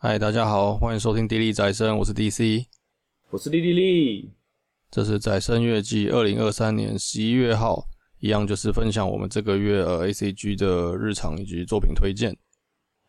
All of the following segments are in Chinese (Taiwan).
嗨，大家好，歡迎收聽《迪麗宅生》，我是 DC，我是麗麗麗，這是《宅生月記》二零二三年十一月號，一樣就是分享我們這個月呃 A C G 的日常以及作品推薦。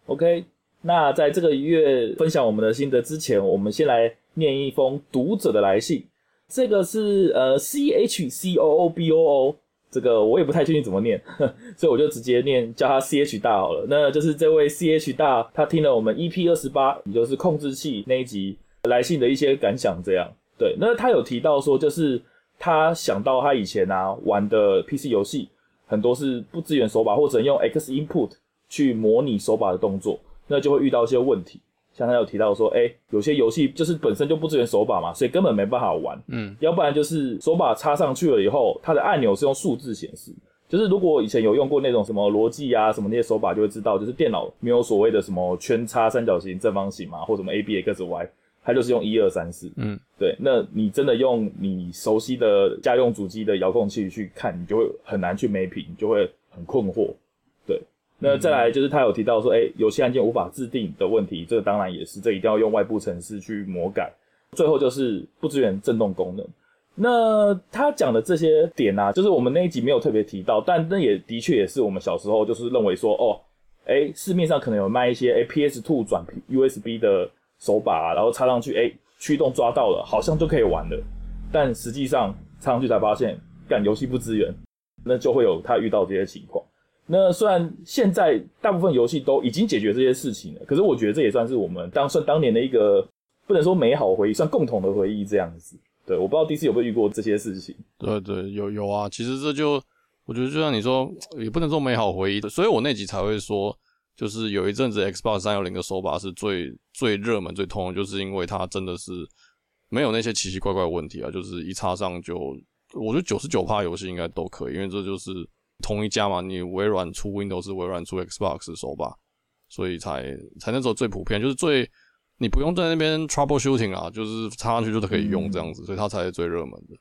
OK，那在這個月分享我們的心得之前，我們先來念一封讀者的來信，這個是呃 C H C O O B O O。這個我也不太確定怎麼念呵，所以我就直接念叫他 C H 大好了。那就是這位 C H 大，他聽了我們 E P 二十八，也就是控制器那一集來信的一些感想，這樣。對，那他有提到說，就是他想到他以前啊玩的 P C 遊戲，很多是不支援手把，或者用 X Input 去模擬手把的動作，那就會遇到一些問題。剛才有提到說，誒、欸、有些遊戲就是本身就不支援手把嘛，所以根本沒辦法玩。嗯，要不然就是手把插上去了以後，它的按鈕是用數字顯示。就是如果以前有用過那種什麼邏輯啊、什麼那些手把，就會知道，就是電腦沒有所謂的什麼圈、叉、三角形、正方形嘛，或什麼 A、B、X、Y，它就是用一二三四。嗯，對，那你真的用你熟悉的家用主機的遙控器去看，你就會很難去 mapping，你就會很困惑。那再來就是他有提到說，哎、欸，遊戲按鍵無法自定的問題，這個當然也是，這個、一定要用外部程式去魔改。最後就是不支援震動功能。那他講的這些點啊，就是我們那一集沒有特別提到，但那也的確也是我們小時候就是認為說，哦，哎、欸，市面上可能有賣一些哎、欸、PS Two 轉 USB 的手把、啊，然後插上去，哎、欸，驅動抓到了，好像就可以玩了。但實際上插上去才發現，幹遊戲不支援，那就會有他遇到這些情況。那雖然現在大部分遊戲都已經解決這些事情了，可是我覺得這也算是我們當算當年的一個不能說美好回憶，算共同的回憶這樣子。對，我不知道第一次有沒有遇過這些事情。對對，有有啊。其實這就我覺得就像你說，也不能說美好回憶。所以我那集才會說，就是有一陣子 Xbox 三六零的手把是最最熱門、最通用，就是因為它真的是沒有那些奇奇怪怪的問題啊。就是一插上就，我覺得九十九趴遊戲應該都可以，因為這就是。同一家嘛，你微軟出 Windows，微軟出 Xbox 的手把，所以才才那時候最普遍，就是最你不用在那邊 troubleshooting 啊，就是插上去就是可以用這樣子，嗯、所以它才是最熱門的。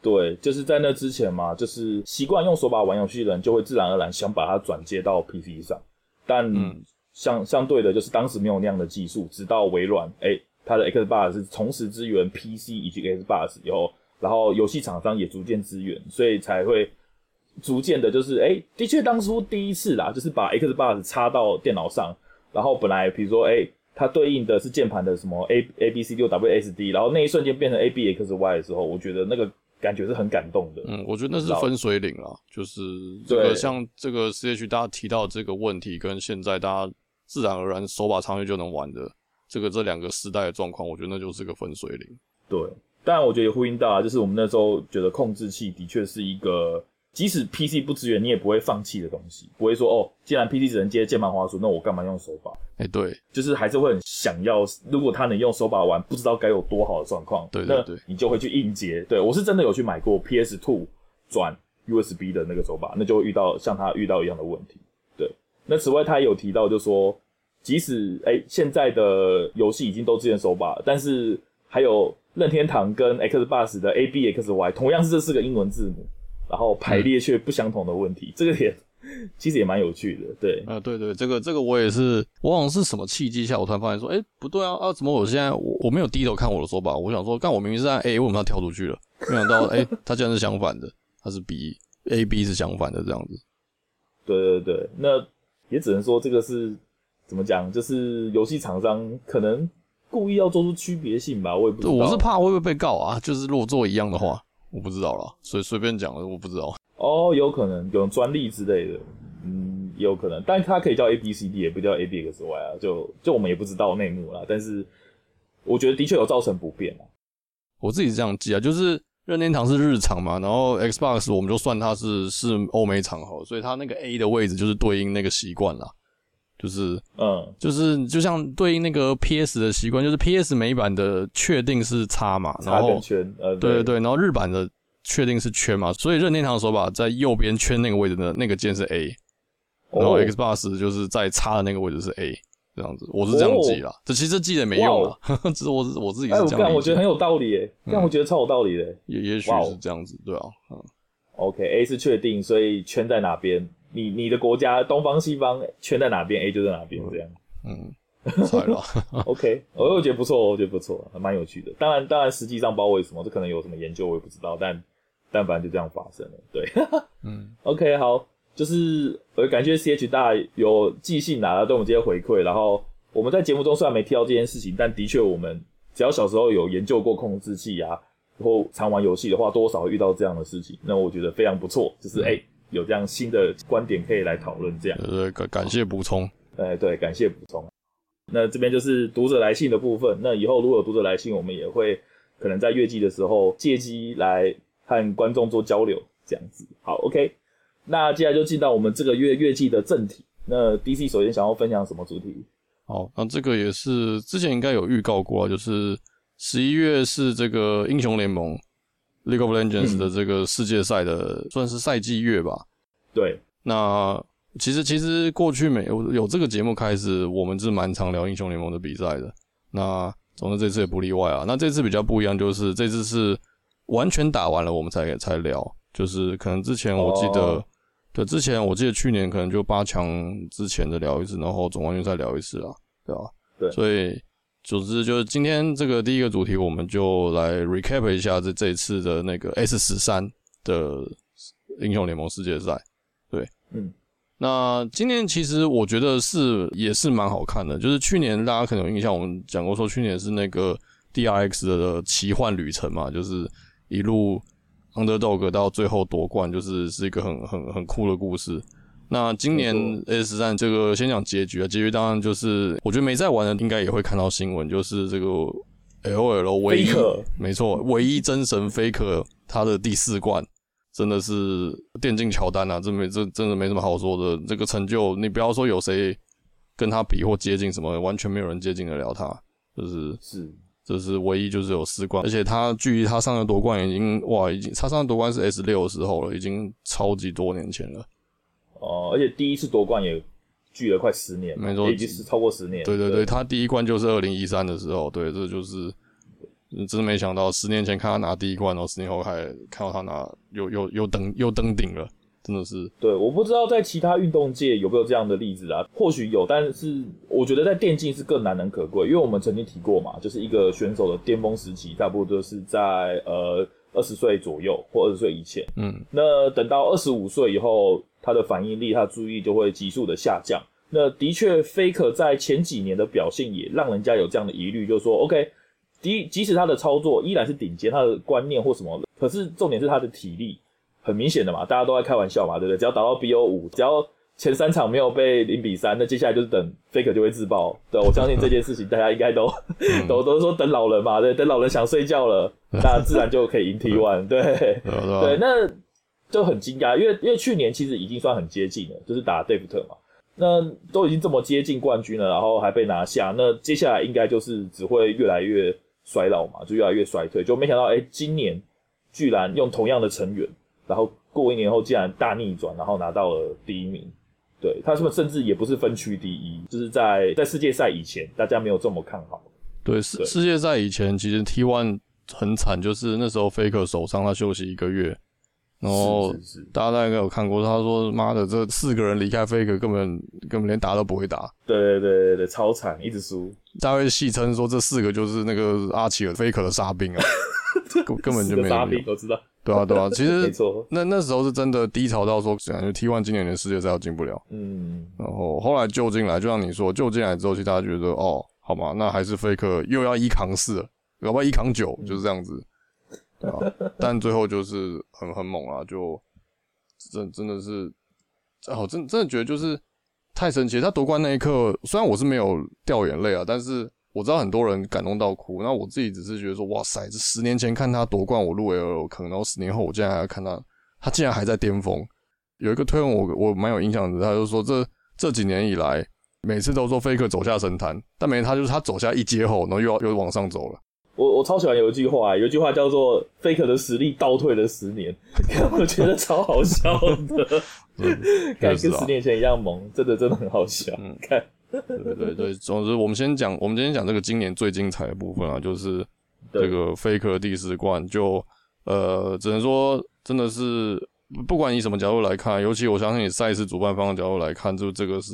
對，就是在那之前嘛，就是習慣用手把玩遊戲的人，就會自然而然想把它轉接到 PC 上，但相、嗯、相對的，就是當時沒有那樣的技術，直到微軟誒、欸，它的 Xbox 是同時支援 PC 以及 Xbox 以後，然後遊戲廠商也逐漸支援，所以才會。逐漸的，就是哎、欸，的確，當初第一次啦，就是把 Xbox 插到電腦上，然後本來比如說哎、欸，它對應的是鍵盤的什麼 A A B C D o, W S D，然後那一瞬間變成 A B X Y 的時候，我覺得那個感覺是很感動的。嗯，我覺得那是分水嶺啦，就是對像這個 CH 大家提到這個問題，跟現在大家自然而然手把操作就能玩的這個這兩個時代的狀況，我覺得那就是個分水嶺。對，當然我覺得也呼應到，就是我們那時候覺得控制器的確是一個。即使 PC 不支援，你也不會放棄的東西，不會說哦，既然 PC 只能接鍵盤滑鼠，那我幹嘛用手把？哎、欸，對，就是還是會很想要，如果他能用手把玩，不知道該有多好的狀況。對，對，對，那你就會去應接。對，我是真的有去買過 PS2 轉 USB 的那個手把，那就會遇到像他遇到一樣的問題。對，那此外他也有提到就是，就說即使哎、欸、現在的遊戲已經都支援手把，但是還有任天堂跟 Xbox 的 A B X Y，同樣是這四個英文字母。然後排列卻不相同的問題，嗯、這個也其實也蠻有趣的，對。啊、呃，對對，這個這個我也是，往往是什麼契機下，我突然發現說，哎，不對啊啊，怎麼我現在我我沒有低頭看我的手把，我想說，但我明明是按 A，為什麼要跳出去了？沒想到，哎， 它竟然是相反的，它是 B，A B 是相反的這樣子。對對對，那也只能說這個是怎麼講，就是遊戲廠商可能故意要做出區別性吧，我也不知道。對，我是怕會不會被告啊，就是如果做一樣的話。我不知道啦，所以隨便講的，我不知道。哦，有可能有專利之類的，嗯，有可能，但它可以叫 A B C D，也不叫 A B X Y 啊，就就我們也不知道內幕啦，但是我覺得的確有造成不便啊。我自己是這樣記啊，就是任天堂是日常嘛，然後 Xbox 我們就算它是是歐美場合，所以它那個 A 的位置就是對應那個習慣了。就是，嗯，就是就像對應那個 P S 的習慣，就是 P S 美版的確定是叉嘛，然後圈，呃，對對對，然後日版的確定，定是圈嘛，所以任天堂的手把在右邊圈那個位置呢，那個鍵是 A，、哦、然後 Xbox 就是在叉的那個位置是 A，這樣子，我是這樣記了、哦，這其實記也沒用啊， 只是我我自己是這樣、哎我，我覺得很有道理誒，樣、嗯、我覺得超有道理的，也也許是這樣子，對啊、嗯、，o、okay, A 是確定，所以圈在哪邊？你你的國家東方西方圈在哪邊？A、欸、就在哪邊，這樣。嗯，算、嗯、了。 OK，我又覺得不錯，我覺得不錯，蠻有趣的。當然，當然，實際上包括什麼，這可能有什麼研究，我也不知道。但但凡就這樣發生了。對， 嗯，OK，好，就是我感謝 CH 大有寄信拿來對我們這些回饋。然後我們在節目中雖然沒提到這件事情，但的確我們只要小時候有研究過控制器啊，然後常玩遊戲的話，多少遇到這樣的事情。那我覺得非常不錯，就是哎。嗯有這樣新的觀點可以來討論，這樣。呃，感感謝補充。哎，對，感謝補充。那這邊就是讀者來信的部分。那以後如果有讀者來信，我們也會可能在月記的時候借機來和觀眾做交流，這樣子。好，OK。那接下來就進到我們這個月月記的正題。那 DC 首先想要分享什麼主題？好，那這個也是之前應該有預告過，啊，就是十一月是這個英雄聯盟。League of Legends 的這個世界賽的，算是賽季月吧，對。那其實其實過去沒有有這個節目開始，我們是蠻常聊英雄聯盟的比賽的。那總之這次也不例外啊。那這次比較不一樣，就是這次是完全打完了我們才才聊，就是可能之前我記得，oh. 對，之前我記得去年可能就八強之前的聊一次，然後總冠軍再聊一次啊，對吧，啊？對，所以。總之，就是今天這個第一個主題，我們就來 recap 一下這這一次的那個 S 十三的英雄聯盟世界賽。對，嗯，那今年其實我覺得是也是蠻好看的。就是去年大家可能有印象，我們講過說去年是那個 DRX 的奇幻旅程嘛，就是一路 Underdog 到最後奪冠，就是是一個很很很酷的故事。那今年 S13 這個先講結局啊，結局當然就是，我覺得沒在玩的應該也會看到新聞，就是這個 LOL 唯一、Faker、沒錯，唯一真神 Faker 他的第四冠，真的是電競喬丹啊，這沒，這真的沒什麼好說的。這個成就你不要說有誰跟他比或接近什麼，完全沒有人接近得了他，就是是，這是唯一就是有四冠，而且他距離他上次奪冠已經哇，已經他上次奪冠是 S 六的時候了，已經超級多年前了。哦、呃，而且第一次奪冠也距了快十年，沒錯，已經是超過十年。對對對，對他第一冠就是二零一三的時候，對，這就是，真沒想到，十年前看他拿第一冠，然後十年後還看到他拿又又又，又登又登頂了，真的是。對，我不知道在其他運動界有沒有這樣的例子啊？或許有，但是我覺得在電競是更難能可貴，因為我們曾經提過嘛，就是一個選手的巔峰時期，大部分就是在呃二十歲左右或二十歲以前。嗯，那等到二十五歲以後。他的反應力、他注意力就會急速的下降。那的確，Faker 在前幾年的表現也讓人家有這樣的疑慮，就是說，OK，即使他的操作依然是頂尖，他的觀念或什麼，可是重點是他的體力很明顯的嘛，大家都在開玩笑嘛，對不對？只要打到 BO 五，只要前三場沒有被零比三，那接下來就是等 Faker 就會自爆。對，我相信這件事情大家應該都都、 嗯、都說等老人嘛，對，等老人想睡覺了，大家自然就可以贏 T1。對，對，那。就很驚訝，因為因為去年其實已經算很接近了，就是打 Deft 嘛，那都已經這麼接近冠軍了，然後還被拿下，那接下來應該就是只會越來越衰老嘛，就越來越衰退，就沒想到哎、欸，今年居然用同樣的成員，然後過一年後竟然大逆轉，然後拿到了第一名。對，他是不是甚至也不是分區第一，就是在在世界賽以前，大家沒有這麼看好。對，世世界賽以前其實 T1 很慘，就是那時候 Faker 手傷，他休息一個月。然後大家大概應該有看過，他說：“媽的，這四個人離開 Faker 根本根本連打都不會打。”對對對對對，超慘，一直輸。大家會戲稱說，這四個就是那個阿奇爾 Faker 的沙兵啊，根本就沒有。沙兵我知道。對啊對啊，其實沒錯。那那時候是真的低潮到說，感覺 T1 今年連世界賽都進不了。嗯。然後後來救進來，就像你說，救進來之後，其實大家覺得說哦，好嘛，那還是 Faker 又要一扛四，搞不好一扛九，就是這樣子。啊，但最後就是很很猛啊，就真的真的是，哦、啊、真的真的覺得就是太神奇。他奪冠那一刻，雖然我是沒有掉眼淚啊，但是我知道很多人感動到哭。那我自己只是覺得說，哇塞，這十年前看他奪冠，我入了 LOL 坑，然後十年後我竟然還要看他，他竟然還在巔峰。有一個推文我我蠻有印象的，他就說這這幾年以來，每次都說 Faker 走下神壇，但沒，他就是他走下一階後，然後又要又往上走了。我我超喜歡有一句話、欸，有一句話叫做 “Faker 的實力倒退了十年”， 我覺得超好笑的、。 嗯，對、啊，跟十年前一樣猛，真的真的很好笑。嗯，看，對對對，總之我們先講，我們今天講這個今年最精彩的部分啊，就是這個 Faker 第四冠，就呃，只能說真的是不管以什麼角度來看，尤其我相信以賽事主辦方的角度來看，就這個是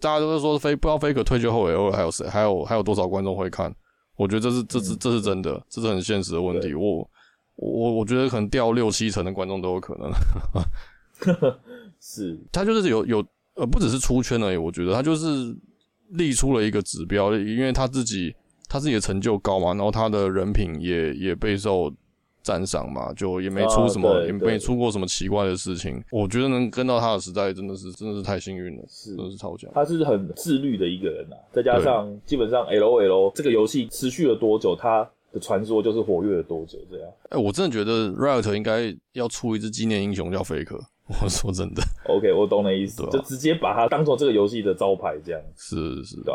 大家都是說飛，不知道 Faker 退休後，也會，還有誰，還有還有多少觀眾會看。我覺得這是這是這是真的、嗯，這是很現實的問題。我我我覺得可能掉六七成的觀眾都有可能 。 是，他就是有有呃，不只是出圈而已，我覺得他就是立出了一個指標，因為他自己他自己的成就高嘛，然後他的人品也也備受。讚賞嘛，就也沒出什麼，也沒出過什麼奇怪的事情。我覺得能跟到他的時代，真的是真的是太幸運了，真的是超強。他是很自律的一個人啊，再加上基本上 LOL 這個遊戲持續了多久，他的傳說就是活躍了多久這樣。哎，我真的覺得 Riot 應該要出一支紀念英雄叫 Faker。 我說真的，OK，我懂你的意思，就直接把他當做這個遊戲的招牌這樣。是是的。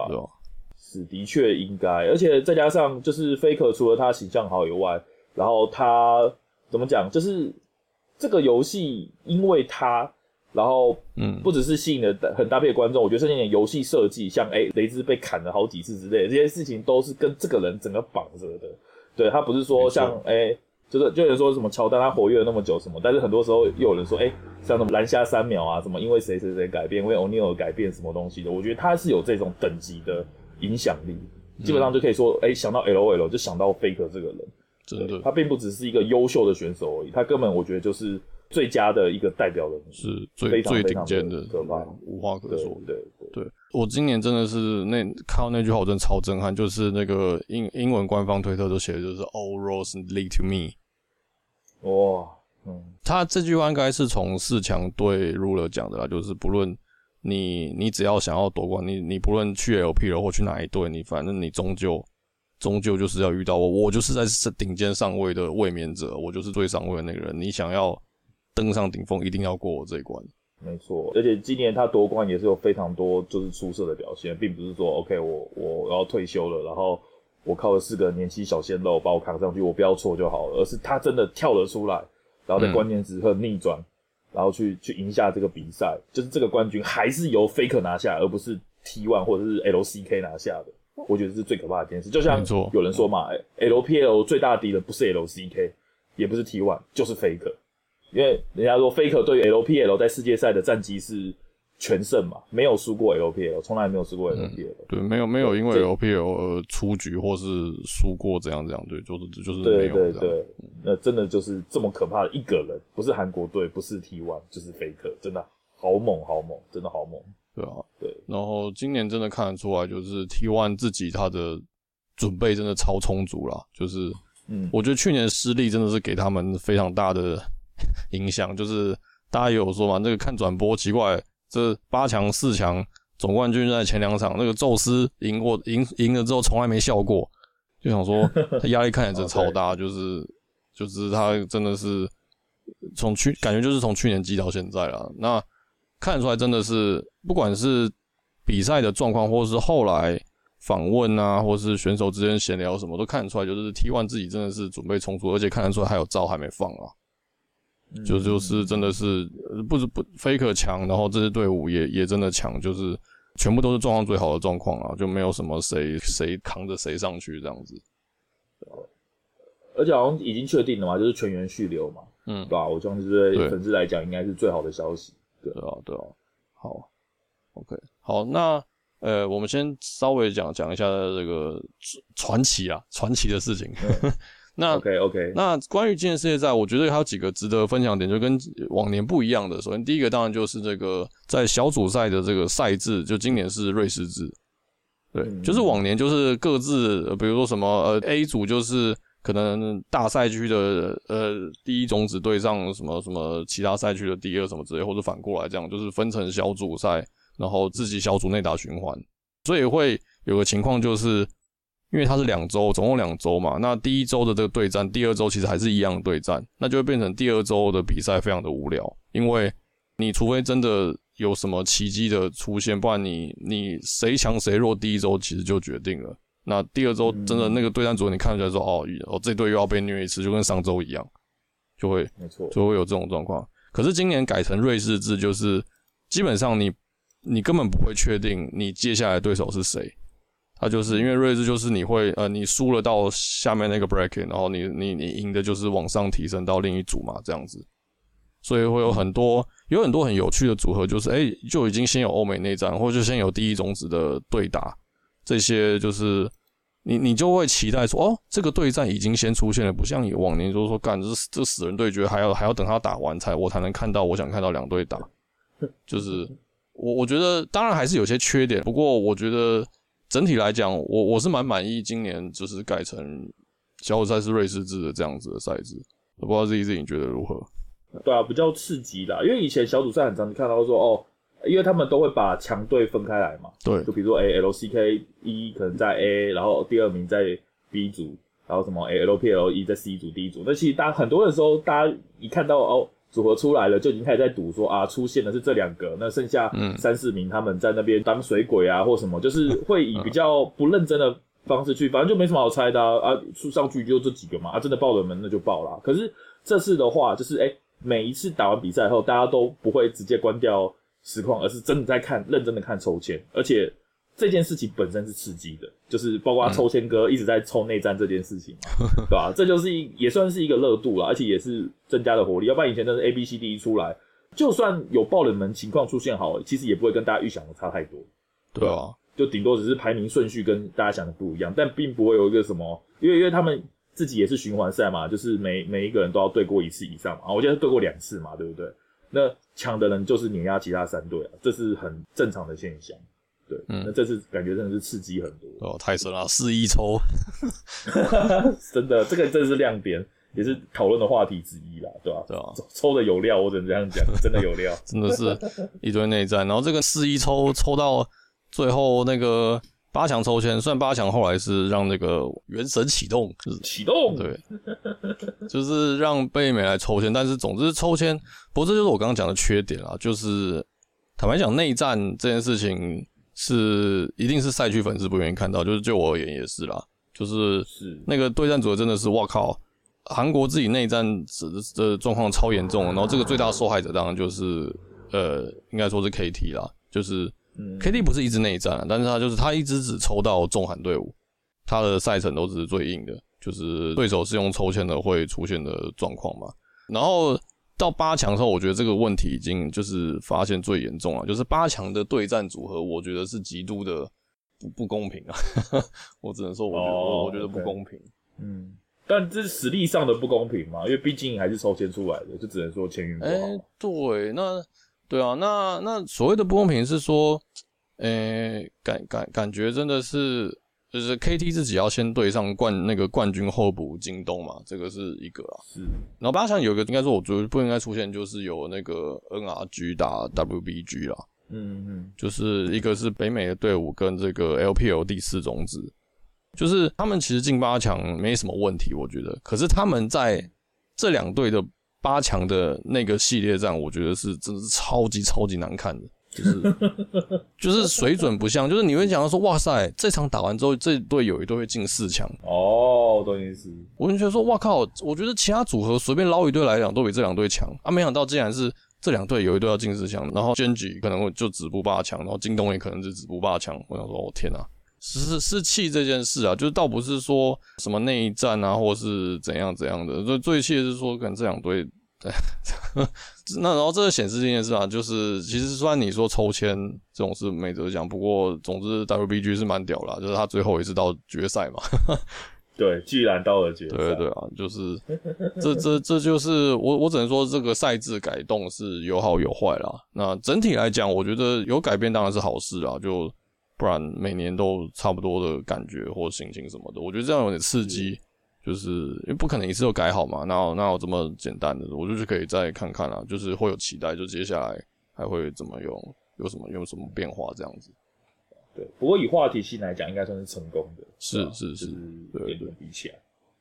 是，的確應該，而且再加上就是 Faker 除了他形象好以外。然後他怎麼講？就是這個遊戲，因為他，然後嗯，不只是吸引了很大批的觀眾。嗯、我覺得這些年遊戲設計，像哎，雷茲被砍了好幾次之類的這些事情，都是跟這個人整個綁着的。對，他不是說像哎，就是，就有人說什麼喬丹他活躍了那麼久什麼，但是很多時候又有人說哎，像什麼籃下三秒啊什麼，因為誰誰誰改變，因為奧尼爾改變什麼東西的。我覺得他是有這種等級的影響力，嗯、基本上就可以說哎，想到 LOL 就想到 Faker 這個人。真的，他並不只是一個優秀的選手而已，他根本我覺得就是最佳的一個代表人，是最最頂尖的、嗯，無話可說，對對，對，對。我今年真的是那看到那句話，我真的超震撼，就是那個英英文官方推特都寫的就是 “All roads lead to me”。哇，嗯，他這句話應該是從四強對 Ruler 講的啦，就是不論你你只要想要奪冠，你你不論去 LPL 或去哪一隊，你反正你終究，終究就是要遇到我，我就是在頂尖上位的衛冕者，我就是最上位的那個人。你想要登上頂峰，一定要過我這一關。沒錯，而且今年他奪冠也是有非常多就是出色的表現，並不是說 OK，我我要退休了，然後我靠了四個年輕小鮮肉把我扛上去，我不要錯就好了。而是他真的跳了出來，然後在關鍵時刻逆轉、嗯，然後去去贏下這個比賽，就是這個冠軍還是由 Faker 拿下來，而不是 T1 或者是 LCK 拿下的。我覺得是最可怕的一件事，就像有人說嘛，欸，LPL 最大敵人不是 LCK，也不是 T1，就是 Faker。因為人家說 Faker 對於 LPL 在世界賽的戰績是全勝嘛，沒有輸過 LPL，從來沒有輸過 LPL。嗯，對，沒有沒有因為 LPL 而出局或是輸過這樣這樣，對，就是就是沒有這樣。對，對對對，那真的就是這麼可怕的一個人，不是韓國隊，不是 T1，就是 Faker，真的啊，好猛好猛，真的好猛。對啊，對。然後今年真的看得出來，就是 T1 自己他的準備真的超充足了。就是，嗯，我覺得去年的失利真的是給他們非常大的 影響。就是大家也有說嘛，那個看轉播奇怪、欸，這八強四強總冠軍在前兩場，那個宙斯贏過贏贏了之後從來沒笑過，就想說他壓力看起來真的超大。 就是就是他真的是從去感覺就是從去年積到現在了。那看得出來真的是。不管是比賽的狀況，或者是後來訪問啊，或是選手之間閒聊什麼，都看得出來，就是 T1 自己真的是準備充足，而且看得出來還有招還沒放啊、嗯。就就是真的是、嗯、不是不,不 Faker 強，然後這支隊伍也也真的強，就是全部都是狀況最好的狀況啊，就沒有什麼誰誰扛着誰上去這樣子對。而且好像已經確定了嘛，就是全員續留嘛，嗯，對吧？我相信這對粉絲來講應該是最好的消息對。對啊，對啊，好。OK，好，那呃、欸，我們先稍微講講一下這個傳奇啊，傳奇的事情。 那 OK，OK，、okay, okay. 那關於今年世界賽，我覺得還有幾個值得分享點，就跟往年不一樣的。首先，第一個當然就是這個在小組賽的這個賽制，就今年是瑞士制，對、嗯，就是往年就是各自，比如說什麼呃 A 組就是可能大賽區的呃第一種子對上什麼什麼其他賽區的第二什麼之類，或者反過來這樣，就是分成小組賽。然後自己小組內打循環，所以會有個情況，就是因為它是兩周，總共兩周嘛。那第一周的這個對戰，第二周其實還是一樣的對戰，那就會變成第二周的比賽非常的無聊，因為你除非真的有什麼奇蹟的出現，不然你你誰強誰弱，第一周其實就決定了。那第二周真的那個對戰組，你看起來說、嗯、哦哦這隊又要被虐一次，就跟上周一樣，就會，沒錯，就會有這種狀況。可是今年改成瑞士制，就是基本上你。你根本不會確定你接下來的對手是誰，他就是因為瑞士就是你會呃你輸了到下面那個 bracket，然後你你你贏的就是往上提升到另一組嘛，這樣子，所以會有很多有很多很有趣的組合，就是誒、欸、就已經先有歐美內戰，或者就先有第一種子的對打，這些就是你你就會期待說哦，這個對戰已經先出現了，不像以往你就說幹這這死人對決還要還要等他打完才我才能看到我想看到兩隊打，就是。我我覺得當然還是有些缺點，不過我覺得整體來講，我我是蠻滿意今年就是改成小組賽是瑞士制的這樣子的賽制，我不知道 ZZZ 你覺得如何？對啊，比較刺激啦，因為以前小組賽很常看到說哦，因為他們都會把強隊分開來嘛，對，就比如說 A L C K 一可能在 A，然後第二名在 B 組，然後什麼 A L P L 一在 C 組 D 組，那其實大家很多人的時候，大家一看到哦。組合出來了，就已經開始在賭說啊，出現的是這兩個，那剩下三四名他們在那邊當水鬼啊，或什麼，就是會以比較不認真的方式去，反正就沒什麼好猜的啊。出、啊、上去就這幾個嘛，啊，真的爆了門，那就爆了。可是這次的話，就是哎、欸，每一次打完比賽後，大家都不會直接關掉實況，而是真的在看，認真的看抽籤，而且。這件事情本身是刺激的，就是包括他抽籤哥、嗯、一直在抽內戰這件事情嘛， 對吧？這就是一也算是一個熱度了，而且也是增加的活力。要不然以前都是 A、B、C、D 一出來，就算有爆冷門情況出現，好了，其實也不會跟大家預想的差太多。對啊對，就頂多只是排名順序跟大家想的不一樣，但並不會有一個什麼，因為因為他們自己也是循環賽嘛，就是每每一個人都要對過一次以上嘛，啊，我覺得是對過兩次嘛，對不對？那強的人就是碾壓其他三隊、啊，這是很正常的現象。對，那、嗯、這次感覺真的是刺激很多哦、啊，太神了！四一抽， 真的，這個真是亮點， 也是討論的話題之一啦，對吧、啊？對吧、啊？抽的有料，我只能這樣講， 真的有料，真的是一堆內戰。然後這個四一抽 抽到最後那個八強抽籤，算八強，後來是讓那個原神啟動，啟動，對，就是讓貝美來抽籤。但是總之抽籤，不過這就是我剛剛講的缺點啦，就是坦白講，內戰這件事情。是，一定是賽區粉絲不願意看到，就是就我而言也是啦，就是，是那個對戰組真的是，我靠，韓國自己內戰的狀況超嚴重，然後這個最大受害者當然就是呃，應該說是 KT 啦，就是，是 KT 不是一直內戰啦，但是他就是他一直只抽到中韓隊伍，他的賽程都只是最硬的，就是對手是用抽籤的會出現的狀況嘛，然後。到八強的時候，我覺得這個問題已經就是發現最嚴重了，就是八強的對戰組合，我覺得是極度的不不公平啊！ 我只能說，我覺得、oh, okay. 我覺得不公平。嗯，但這是實力上的不公平嘛，因為畢竟還是抽籤出來的，就只能說籤運不好、欸、對，那對啊，那那所謂的不公平是說，呃、欸，感感感覺真的是。就是 KT 自己要先對上冠那個冠軍候補京東嘛，這個是一個啊。是，然後八強有一個應該說我覺得不應該出現，就是有那個 NRG 打 WBG 啦。嗯嗯，就是一個是北美的隊伍跟這個 LPL 第四種子，就是他們其實進八強沒什麼問題，我覺得。可是他們在這兩隊的八強的那個系列戰，我覺得是真的是超級超級難看的。就是就是水準不像，就是你會想到說，哇塞，這場打完之後，這隊有一隊會進四強哦，oh, 對，是。我就覺得說哇靠，我覺得其他組合隨便撈一隊來講，都比這兩隊強啊，沒想到竟然是這兩隊有一隊要進四強，然後 GEN.G 可能就止步八強，然後京東也可能是止步八強。我想說，我哦天啊，是是是氣這件事啊，就是倒不是說什麼內戰啊，或是怎樣怎樣的，所以最最氣的是說，可能這兩隊。對， 那然後這個顯示這件事啊，就是其實雖然你說抽籤這種事沒得講，不過總之 WBG 是蠻屌啦，就是他最後一次到決賽嘛。 對，居然到了決賽。對對啊，就是這這這就是我我只能說這個賽制改動是有好有壞啦。那整體來講，我覺得有改變當然是好事啦，就不然每年都差不多的感覺或心情什麼的，我覺得這樣有點刺激。就是因為不可能一次就改好嘛，那有那我這麼簡單的，我就是可以再看看啦，就是會有期待，就接下來還會怎麼用，有什麼有什麼變化這樣子。對，不過以話題性來講，應該算是成功的，是是，是是，就是、對，對，對，別人比起來，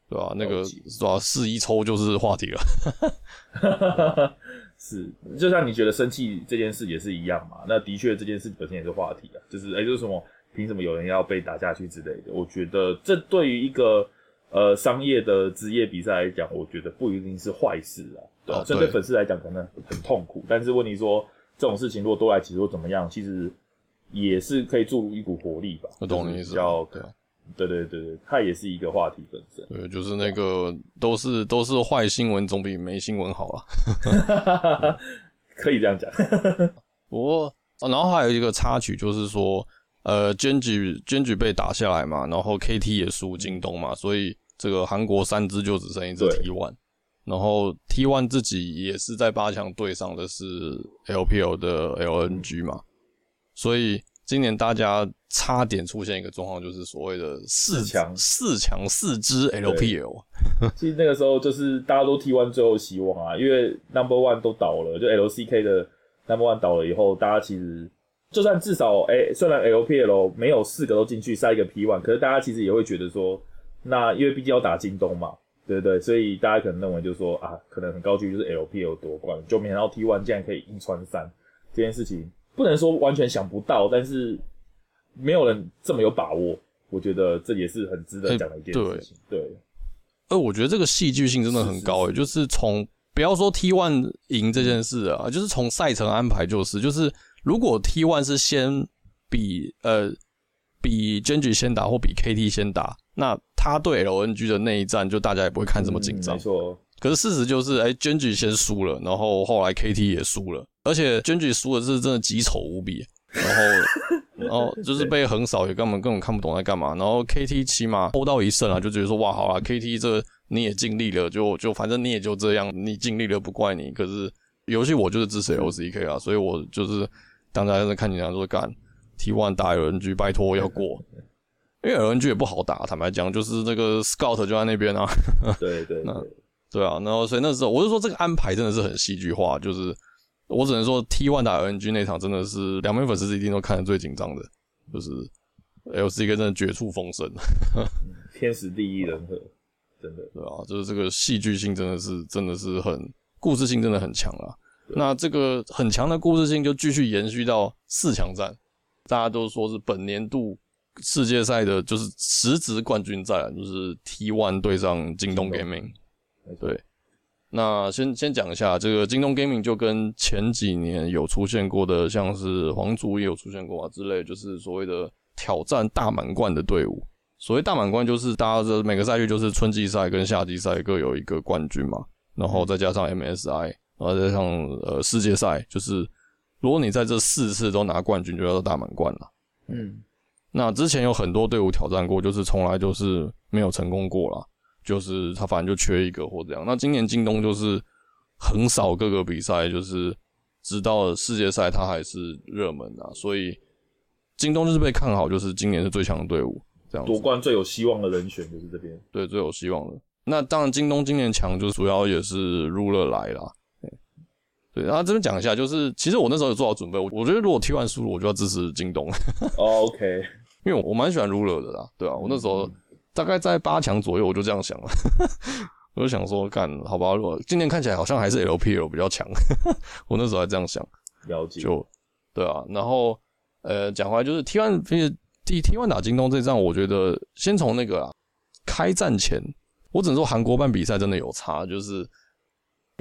對吧，啊，那個是吧四，啊，一抽就是話題了， 對 是，就像你覺得生氣這件事也是一樣嘛？那的確這件事本身也是話題啊，就是哎，欸，就是什麼，憑什麼有人要被打下去之類的？我覺得這對於一個。呃，商業的職業比賽來講，我覺得不一定是壞事啦啊、哦。對，針對粉絲來講，可能很痛苦。但是問題說這種事情，如果多來幾次或怎麼樣，其實也是可以注入一股活力吧。我懂你意思、就是，對，對對對對，它也是一個話題本身。對，就是那個都是都是壞新聞，總比沒新聞好了、啊。 可以這樣講。 不過、哦，然後還有一個插曲，就是說，呃，Gen.G Gen.G 被打下來嘛，然後 KT 也輸京東嘛，所以。這個韓國三支就只剩一支 T1，然後 T1 自己也是在八強對上的是 LPL 的 LNG 嘛、嗯，所以今年大家差點出現一個狀況，就是所謂的四強四強四支 LPL。 其實那個時候就是大家都 T1 最後希望啊，因為 Number、no. One 都倒了，就 LCK 的 Number、no. One 倒了以後，大家其實就算至少哎、欸，雖然 LPL 沒有四個都進去塞一個 P1，可是大家其實也會覺得說。那因為畢竟要打京東嘛，對不對，對？所以大家可能認為就是說啊，可能很高局就是 LPL 奪冠，就沒想到 T1 竟然可以一穿三這件事情，不能說完全想不到，但是沒有人這麼有把握。我覺得這也是很值得講的一件事情。對，對，呃，我覺得這個戲劇性真的很高欸，是是是，就是從不要說 T1 贏這件事啊，就是從賽程安排就是，就是如果 T1 是先比呃比 Gen.G 先打，或比 KT 先打。那他對 LNG 的那一戰，就大家也不會看這麼緊張、嗯，沒錯。可是事實就是，哎 GenG 先輸了，然後後來 KT 也輸了，而且 GenG 輸的是真的極醜無比，然後， 然後就是被橫掃，也根本根本看不懂在幹嘛。然後 KT 起碼抽到一勝啊、嗯，就覺得說哇，好啦 KT 這個你也盡力了，就就反正你也就這樣，你盡力了不怪你。可是遊戲我就是支持 LCK 啊， 所以我就是當家在看、就是，你倆都幹 T1 打 LNG，拜托要過。 因為 LNG 也不好打，坦白講，就是那個 Scout 就在那邊啊。對對對 那，對啊，然後所以那時候我就說，這個安排真的是很戲劇化。就是我只能說，T1 打 LNG 那場真的是兩邊粉絲一定都看得最緊張的，就是 LCK 真的絕處逢生，天時地利人和，真 的對啊，就是這個戲劇性真的是真的是很故事性真的很強啊。那這個很強的故事性就繼續延續到四強戰，大家都說是本年度。世界賽的就是實質冠軍賽，就是 T1 對上京東 Gaming 京東。對，那先先講一下這個京東 Gaming，就跟前幾年有出現過的，像是皇族也有出現過啊之類，就是所謂的挑戰大滿貫的隊伍。所謂大滿貫，就是大家這每個賽區就是春季賽跟夏季賽各有一個冠軍嘛，然後再加上 MSI，然後再加上呃世界賽，就是如果你在這四次都拿冠軍，就叫做大滿貫了。嗯。那之前有很多隊伍挑戰過，就是從來就是沒有成功過啦。就是他反正就缺一個或這樣。那今年京東就是橫掃各個比賽，就是直到世界賽他還是熱門啊，所以京東就是被看好，就是今年是最強的隊伍這樣子。奪冠最有希望的人選就是這邊。對，最有希望的。那當然京東今年強，就是主要也是 Ruler 來啦。對，對，那這邊講一下，就是其實我那時候有做好準備，我覺得如果 T1 輸了，我就要支持京東。 oh, OK。因為我蠻喜歡 Ruler 的啦，對吧、啊？我那時候大概在八強左右，我就這樣想了， 我就想說，干，好吧，如果今年看起來好像還是 LPL 比較強， 我那時候還這樣想。了解。就對啊，然後呃，講回來就是 T1，T T1 打京東這仗，我覺得先從那個啦，開戰前，我只能說韓國辦比賽真的有差，就是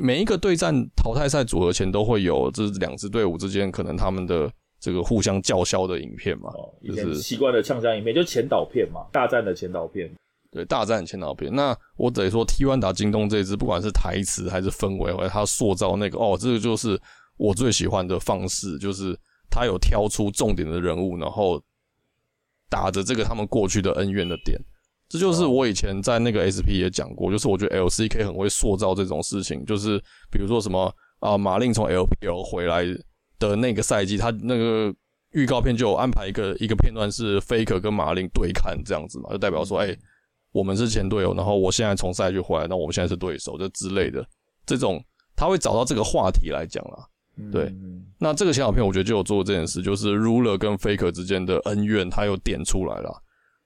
每一個對戰淘汰賽組合前都會有這兩支隊伍之間可能他們的、嗯。這個互相叫囂的影片嘛，以前就是習慣的嗆聲影片，就前導片嘛，大戰的前導片。對，大戰前導片。那我得說 T1 打京東這一支，不管是台詞還是氛圍，還是他塑造那個，哦，這個就是我最喜歡的方式，就是他有挑出重點的人物，然後打着這個他們過去的恩怨的點。這就是我以前在那個 SP 也講過，就是我覺得 LCK 很會塑造這種事情，就是比如說什麼啊、呃，馬令從 LPL 回來。的那個賽季，他那個預告片就有安排一個一個片段是 Faker 跟馬林對砍這樣子嘛，就代表說，哎、欸，我們是前隊友，然後我現在從賽季回來，那我們現在是對手，這之類的這種，他會找到這個話題來講啦。對，嗯嗯嗯，那這個先導片我覺得就有做這件事，就是 Ruler 跟 Faker 之間的恩怨，他又點出來了。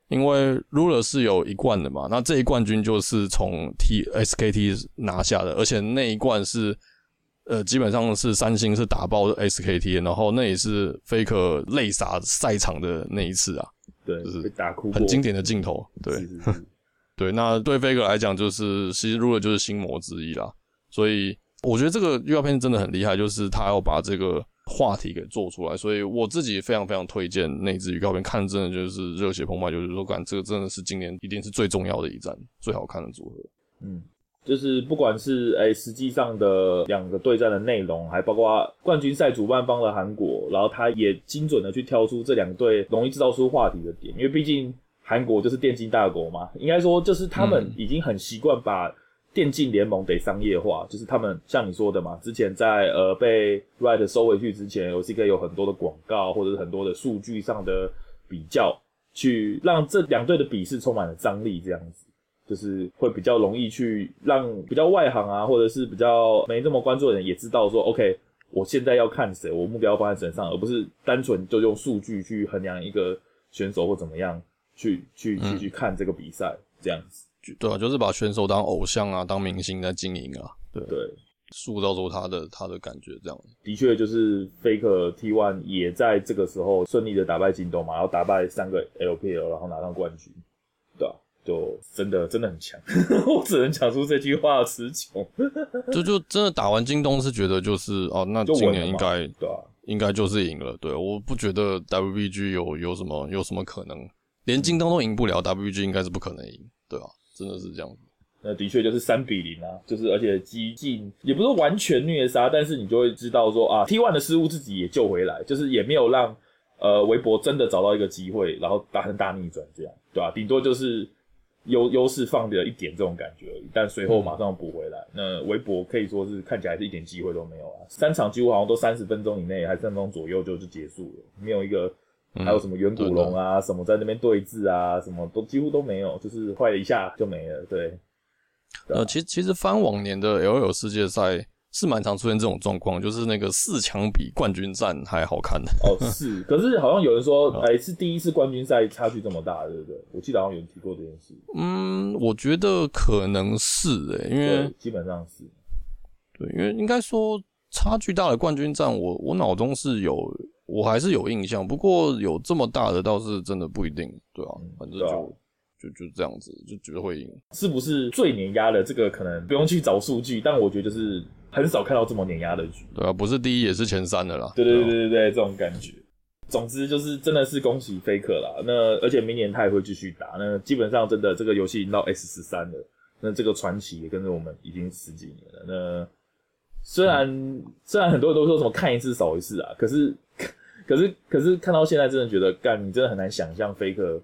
因為 Ruler 是有一冠的嘛，那這一冠軍就是從 T SKT 拿下的，而且那一冠是。呃，基本上是三星是打爆 SKT，然後那也是 Faker 淚灑賽場的那一次啊，對，就是很經典的鏡頭，對，是是是 對。那對 Faker 來講，就是其實入了就是心魔之一啦。所以我覺得這個預告片真的很厲害，就是他要把這個話題給做出來。所以我自己非常非常推薦那支預告片，看真的就是熱血澎湃，就是說感覺這個真的是今年一定是最重要的一站，最好看的組合，嗯。就是不管是誒、欸，實際上的兩個對戰的內容，還包括冠軍賽主辦方的韓國，然後他也精準的去挑出這兩隊容易製造出話題的點，因為畢竟韓國就是電競大國嘛，應該說就是他們已經很習慣把電競聯盟給商業化，嗯，就是他們像你說的嘛，之前在呃被 Riot 收回去之前遊戲可以有很多的廣告或者是很多的數據上的比較，去讓這兩隊的比試充滿了張力，這樣子。就是會比較容易去讓比較外行啊，或者是比較沒這麼關注的人也知道說，OK，我現在要看誰，我目標要放在誰上，而不是單純就用數據去衡量一個選手或怎麼樣去去去，嗯、去看這個比賽這樣子。對啊，就是把選手當偶像啊，當明星在經營啊，對對，塑造出他的他的感覺這樣子。的確，就是 Faker T1 也在這個時候順利的打敗京東嘛，然後打敗三個 LPL，然後拿上冠軍。就真的真的很強， 我只能講出這句話的詞窮。 就就真的打完京東是覺得就是哦、啊，那今年應該對吧？啊？應該就是贏了。對，我不覺得 WBG 有有什麼有什麼可能，連京東都贏不了，WBG 應該是不可能贏，對啊，真的是這樣，那的確就是三比零啊，就是而且激進也不是完全虐殺，但是你就會知道說啊，T1 的失誤自己也救回來，就是也沒有讓呃微博真的找到一個機會，然後達成大逆轉這樣，對吧？啊？頂多就是。優優勢放掉一點這種感覺而已，但隨後馬上補回來、嗯。那微博可以說是看起來是一點機會都沒有啊，三場幾乎好像都三十分鐘以內，還是三十分鐘左右就就結束了，沒有一個還有什麼遠古龍啊、嗯、什麼在那邊對峙啊對，什麼都幾乎都沒有，就是壞了一下就沒了。對，對啊、呃，其實其實翻往年的 LOL 世界賽。是蠻常出現這種狀況，就是那個四強比冠軍戰還好看的哦。是，可是好像有人說，哎， 是第一次冠軍賽差距這麼大，對不對？我記得好像有人提過這件事。嗯，我覺得可能是哎、欸，因為基本上是，對，因為應該說差距大的冠軍戰我，我我腦中是有，我還是有印象。不過有這麼大的倒是真的不一定，對啊，嗯、反正就、啊、就就這樣子，就覺得會贏。是不是最碾壓的這個可能不用去找數據，但我覺得、就是。很少看到這麼碾壓的局，對啊，不是第一也是前三的啦。對對對對對，這種感覺。總之就是，真的是恭喜 Faker 啦。那而且明年他也會繼續打。那基本上真的這個遊戲已經到 S 十三了，那這個傳奇也跟着我們已經十幾年了。那雖然雖然很多人都說什麼看一次少一次啊，可是可是可是看到現在，真的覺得幹，你真的很難想象 Faker。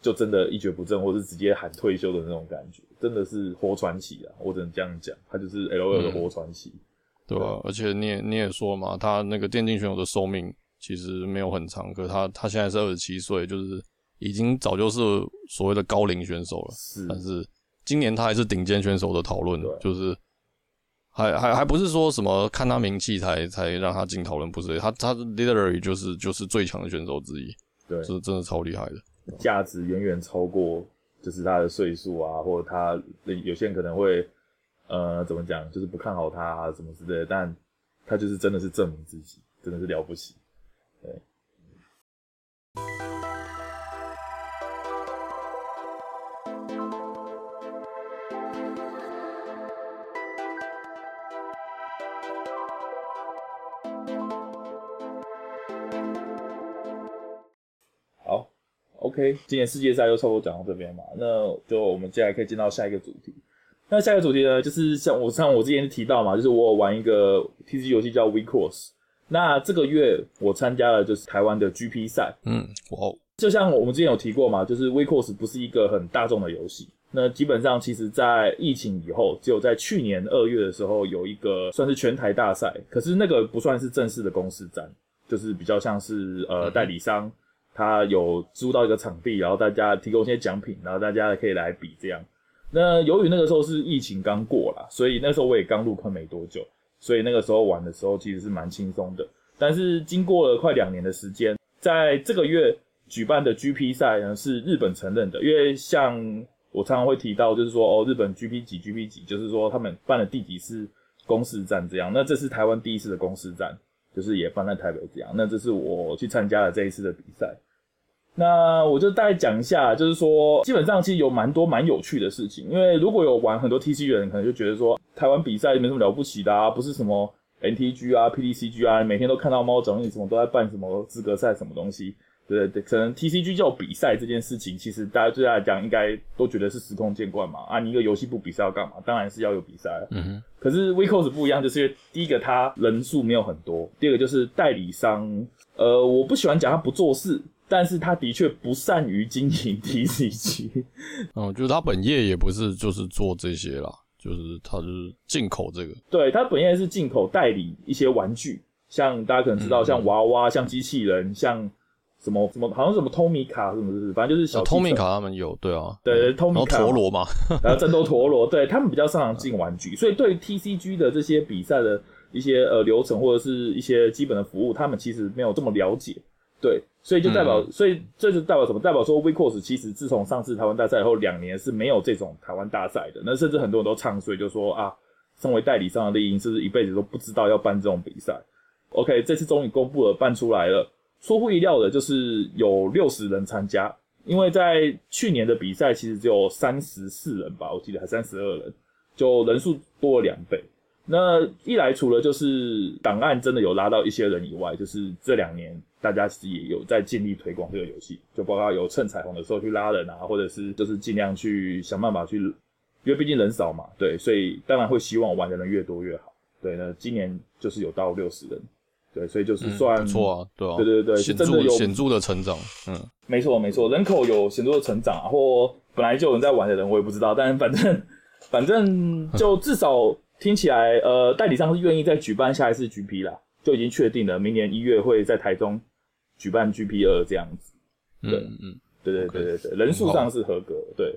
就真的一蹶不振，或是直接喊退休的那種感覺，真的是活傳奇啊！我只能這樣講，他就是 LOL 的活傳奇，嗯、對吧、啊？而且你也你也說了嘛，他那個電競選手的壽命其實沒有很長，可他他現在是二十七歲，就是已經早就是所謂的高齡選手了。是，但是今年他還是頂尖選手的討論，就是還還還不是說什麼看他名氣才才讓他進討論，不是他他 literally 就是就是最強的選手之一，對，就是真的超厲害的。價值遠遠超過，就是他的歲數啊，或者他有些人可能會，呃，怎麼講，就是不看好他啊什麼之類的，但他就是真的是證明自己，真的是了不起，對。OK，今年世界賽又差不多講到這邊嘛，那就我們接下來可以進到下一個主題。那下一個主題呢，就是像我像我之前提到嘛，就是我有玩一個 TCG 遊戲叫 WIXOSS，那這個月我參加了就是台灣的 GP 賽。嗯，哇！就像我們之前有提過嘛，就是 WIXOSS 不是一個很大眾的遊戲。那基本上其實在疫情以後，只有在去年二月的時候有一個算是全台大賽，可是那個不算是正式的公式戰，就是比較像是呃代理商。嗯他有租到一個場地，然後大家提供一些獎品，然後大家可以來比這樣。那由於那個時候是疫情剛過啦，所以那時候我也剛入坑沒多久，所以那個時候玩的時候其實是蠻輕鬆的。但是經過了快兩年的時間，在這個月舉辦的 GP 賽呢是日本承認的，因為像我常常會提到，就是說哦日本 GP 幾 GP 幾，就是說他們辦了第幾次公式戰這樣。那這是台灣第一次的公式戰，就是也辦在台北這樣。那這是我去參加了這一次的比賽。那我就大概講一下，就是說，基本上其實有蠻多蠻有趣的事情。因為如果有玩很多 T C G 的人，可能就覺得說，台灣比賽沒什麼了不起的，啊，不是什麼 N T G 啊、P T C G 啊，每天都看到貓整理什麼都在辦什麼資格賽什麼東西，對不對？可能 T C G 叫比賽這件事情，其實大家對他來講應該都覺得是司空見慣嘛。啊，你一個遊戲不比賽要幹嘛？當然是要有比賽了，嗯哼。可是 WIXOSS 不一樣，就是因為第一個它人數沒有很多，第二個就是代理商，呃，我不喜歡講他不做事。但是他的確不善於經營 T C G， 嗯，就是他本業也不是就是做這些啦，就是他就是進口這個。對，他本業是進口代理一些玩具，像大家可能知道，嗯、像娃娃，像機器人，像什麼什麼，好像什麼 Tomica 什麼、就是，反正就是小 Tomica 他們有，對啊，對 Tomica，然後陀螺嘛，然後戰鬥陀螺， 對，他們比較擅長進玩具，所以對於 T C G 的這些比賽的一些呃流程或者是一些基本的服務，他們其實沒有這麼了解。對，所以就代表，嗯、所以這就代表什麼？代表說，WIXOSS 其實自從上次台灣大賽以後，兩年是沒有這種台灣大賽的。那甚至很多人都唱衰，所以就說啊，身為代理商的麗英，是不是一輩子都不知道要辦這種比賽。OK，這次終於公布了，辦出來了。出乎意料的就是有六十人參加，因為在去年的比賽其實只有三十四人吧，我記得還三十二人，就人數多了兩倍。那一來，除了就是檔案真的有拉到一些人以外，就是這兩年。大家其實也有在盡力推廣這個遊戲，就包括有趁彩虹的時候去拉人啊，或者是就是盡量去想辦法去，因為畢竟人少嘛，對，所以當然會希望玩的人越多越好，對，那今年就是有到六十人，對，所以就是算不錯，嗯，啊，對啊，對對對，是真的有顯著的顯著的成長，嗯，沒錯沒錯，人口有顯著的成長啊，或本來就有人在玩的人，我也不知道，但反正反正就至少聽起來， 呃，代理商是願意再舉辦下一次 GP 啦，就已經確定了，明年一月會在台中。舉辦 GP 二這樣子，對嗯，嗯，對對對對對，okay, 人數上是合格。對，